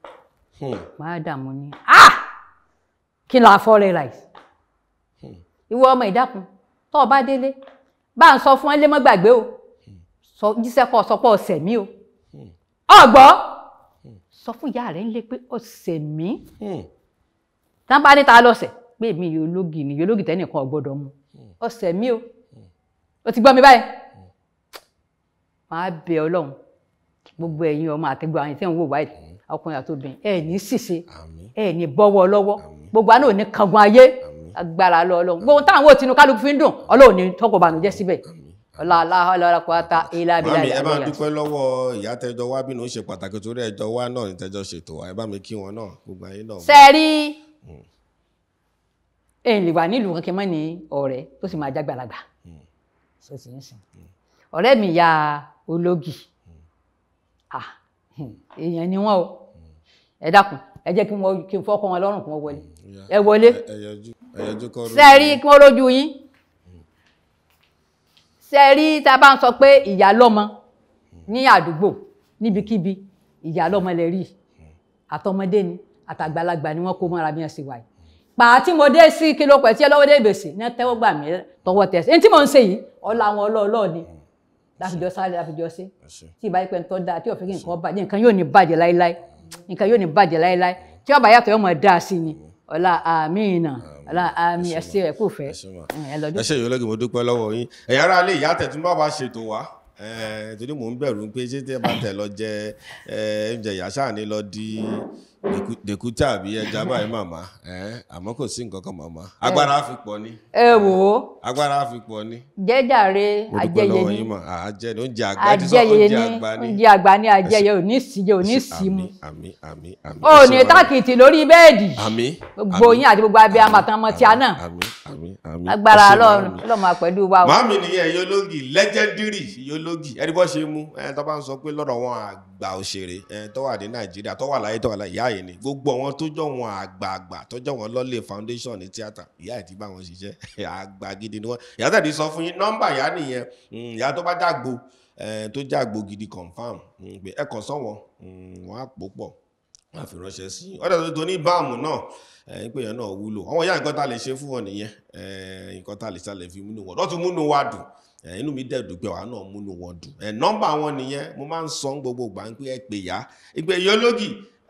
máa hmm. dààmú ni ah! kí n lọ afọ́rẹ́ rà yìí ìwọ ọmọ ìdákun tó o bá délé bá ń sọ fún ẹ lé mọ́ gbàgbé o jíṣẹ́ kọ́ ọ sọ pé ọ̀sẹ̀ mi o ọ̀gbọ́n sọ fún ìyá rẹ̀ nílé pé ọ̀sẹ̀ mi hmm. tá bá ní ta lọ́sẹ̀ pé èmi yòólógì ni yòólógì tẹ́nìkan ò gbọ́dọ̀ mu hmm. ọ̀sẹ̀ mi o hmm. o ti gbọ́ mi báyìí màá bẹ ọlọ́run gbogbo ẹ̀yin ọmọ àtẹgbọ àwọn tí ń wò wáyé ọkùnrin àtòbìn ẹ ní ṣìṣe ẹ ní bọ́wọ́ lọ́wọ́ gbogbo àná ò ní kangun ayé agbára lọ ọlọ́run gbogbo táwọn ò tinú kálukú fi ń dùn ọlọ́run ní tọ́kọ̀ bànújẹ́ síbẹ̀ ọláàláhà lọ́rọ̀kọ́ ta ilá abilá ìlànà. mami ẹ bá dúpẹ́ lọ́wọ́ ìyá tẹjọ wá bínú ṣe pàtàkì torí ẹjọ wá náà ní tẹjọ ṣètò ẹ bá mi kí wọn náà gbogbo ayé náà. sẹ́ẹ̀rí èyí hmm. lè wà nílùú kankan mọ́ ní ọ̀rẹ́ tó sì máa jágbàlagbà so hmm. ti ń sìn ọ̀rẹ́ mi ya ológi hmm. ah, èèyàn ni wọ́n o ẹ dákun ẹ jẹ́ kí n fọ́kàn wọn lọ́rùn kí wọ́n wọlé ẹ wọlé sẹ́ẹ̀rí kí wọ́n lójú yín ṣe rí tá a bá ń sọ pé ìyá lọ́mọ ní àdúgbò níbikíbi ìyá lọ́mọ lè rí àtọmọdé ni àtàgbàlagbà ni wọ́n kó mọ́ra bí wọ́n ṣe wà yìí pàtí mo dé sí kí ló pẹ̀ tí ọlọ́wọ́ dé ìbèsè ní tẹ́wọ́ gbà mí tọwọ́ tẹ̀sí ní tí mò ń ṣe yìí ọlọ́ àwọn ọlọ́ọ̀lọ́ ni láfijọ́ sáré láfijọ́ sí tí ìbá ipẹ́ tó dáa tí òfin kí nǹkan bàjẹ́ nǹkan yóò ní bàjẹ́ láéláé nǹkan yóò ní bàjẹ́ láéláé tí ọba yàtọ̀ yóò mọ̀ dáa sí ni ọ̀la àmì ìnà àmì ẹsẹ ẹ kò fẹ ẹ ṣe ìyọlẹ́gì mo dúpẹ́ lọ́wọ́ yín ẹ̀yà ara lè yá tẹ̀tún bá wa ṣètò wa torí mò ń bẹ̀rù pé ṣé tẹ́ bá tẹ̀ lọ jẹ ẹ̀ ń jẹ ìyá sáà ní lọ di dèkútà àbí ẹja <laughs> báyìí màmá àmọ́ kò sí nǹkan kan màmá agbára fi pọ̀ ni. ẹ wò ó agbára fi pọ̀ ni. jẹ́jàre ajẹyẹ ni ajẹyẹ ni oúnjẹ àgbà ti sọ oúnjẹ àgbà ni oúnjẹ àgbà ni ajẹyẹ ò ní síyẹ ò ní sí mu. àmín àmín àmín. o ní tákìtì lórí bẹ́ẹ̀dì. àmín àmín gbòyìn àti gbogbo abẹ́ amọ̀tánmọ́tíá náà. àmín àmín àmín. agbára lọ́mọ pẹ̀lú wa. màmí nìyẹn yólógì legendary yólógì ẹni bọ́ ṣe mú ẹ àgbà òṣèré tó wà ní nàìjíríà tó wà láyé tó wà láyé ìyá yìí ni gbogbo àwọn tó jọ wọn àgbààgbà tó jọ wọn lọ́lẹ̀ foundation ní tíátà ìyá yìí ti bá wọn ṣiṣẹ́ <laughs> àgbà gidi ni wọn ìyá tẹ̀lé sọ fún yín nọ́mbà ìyá nìyẹn hmm, ìyá tó bá jàgbo tó jàgbo gidi confam hmm, pé ẹ kàn sọ wọn wọn á pò pọ̀ wọn á fi ránṣẹ́ sí i ọ̀dọ̀ tó ní báàmù náà pé yẹn náà wúlò àwọn ìyá nǹkan tá a lè ṣe fún wọn nìyẹn nǹkan tá a lè ṣàlẹ̀ fi múnú wọn lọ́tún inú mi dẹ̀ dùgbẹ́ wàá náà múnú wọn dùn ẹ̀ nọ́mbà wọn nìyẹn mo máa ń sọ gbogbo gbà ń pé ẹ pè yá ìpè yọlógì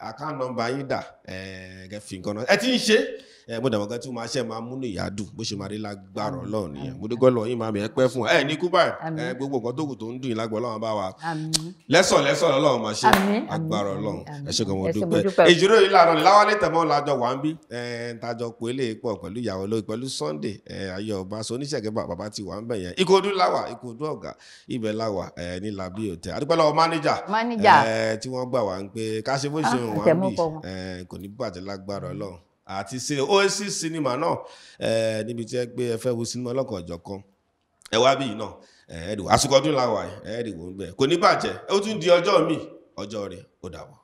àká nọ́mbà yín dà Eh, gẹ́fì ganan ẹ ti ń ṣe ẹ eh, mo dàgbà tí mo máa ṣe máa múnú ìyá dùn bó ṣe máa rí lágbára Ọlọ́run nìyẹn mo dúpẹ́ lọ yín máa mi ẹ pẹ́ fún ẹ ní kú báyìí ẹ eh, gbogbo nǹkan tó kù tó ń dùn yín lágbára Ọlọ́run bá wa lẹ́sọ̀ lẹ́sọ̀ Ọlọ́run máa ṣe agbára Ọlọ́run ẹ ṣe gan mo dúpẹ́ ìjírò yìí lànà láwálé tẹ̀mọ́ lájọ wà ń bí ẹ ń tajọ pé lè pọ̀ pẹ̀lú ìyàwó lórí pẹ̀lú Sunday ẹ ayọ̀ ọba sọ oníṣẹ́gẹ́ bàbá ti wà ń bẹ̀ yẹn ìkòdú láwà ìkòdú ọ̀gá ibẹ̀ láwà ẹ ní labi òtẹ́ adúpẹ́ lọ́wọ́ mánéjà tí wọ́n gbà wá ń pé káṣe ní bàjẹ́ lágbára mm. ọlọ́run àti oasis cinema náà eh, níbi tí ẹ gbé ẹ fẹ́ wo sinimá ọlọ́kan ọ̀jọ̀kan ẹ wá bí yìí náà ẹ dìbò àsìkò ọdún làwà ẹ dìbò ń bẹ kò ní bàjẹ́ ó tún di ọjọ́ mi ọjọ́ rẹ̀ ó dàbọ̀.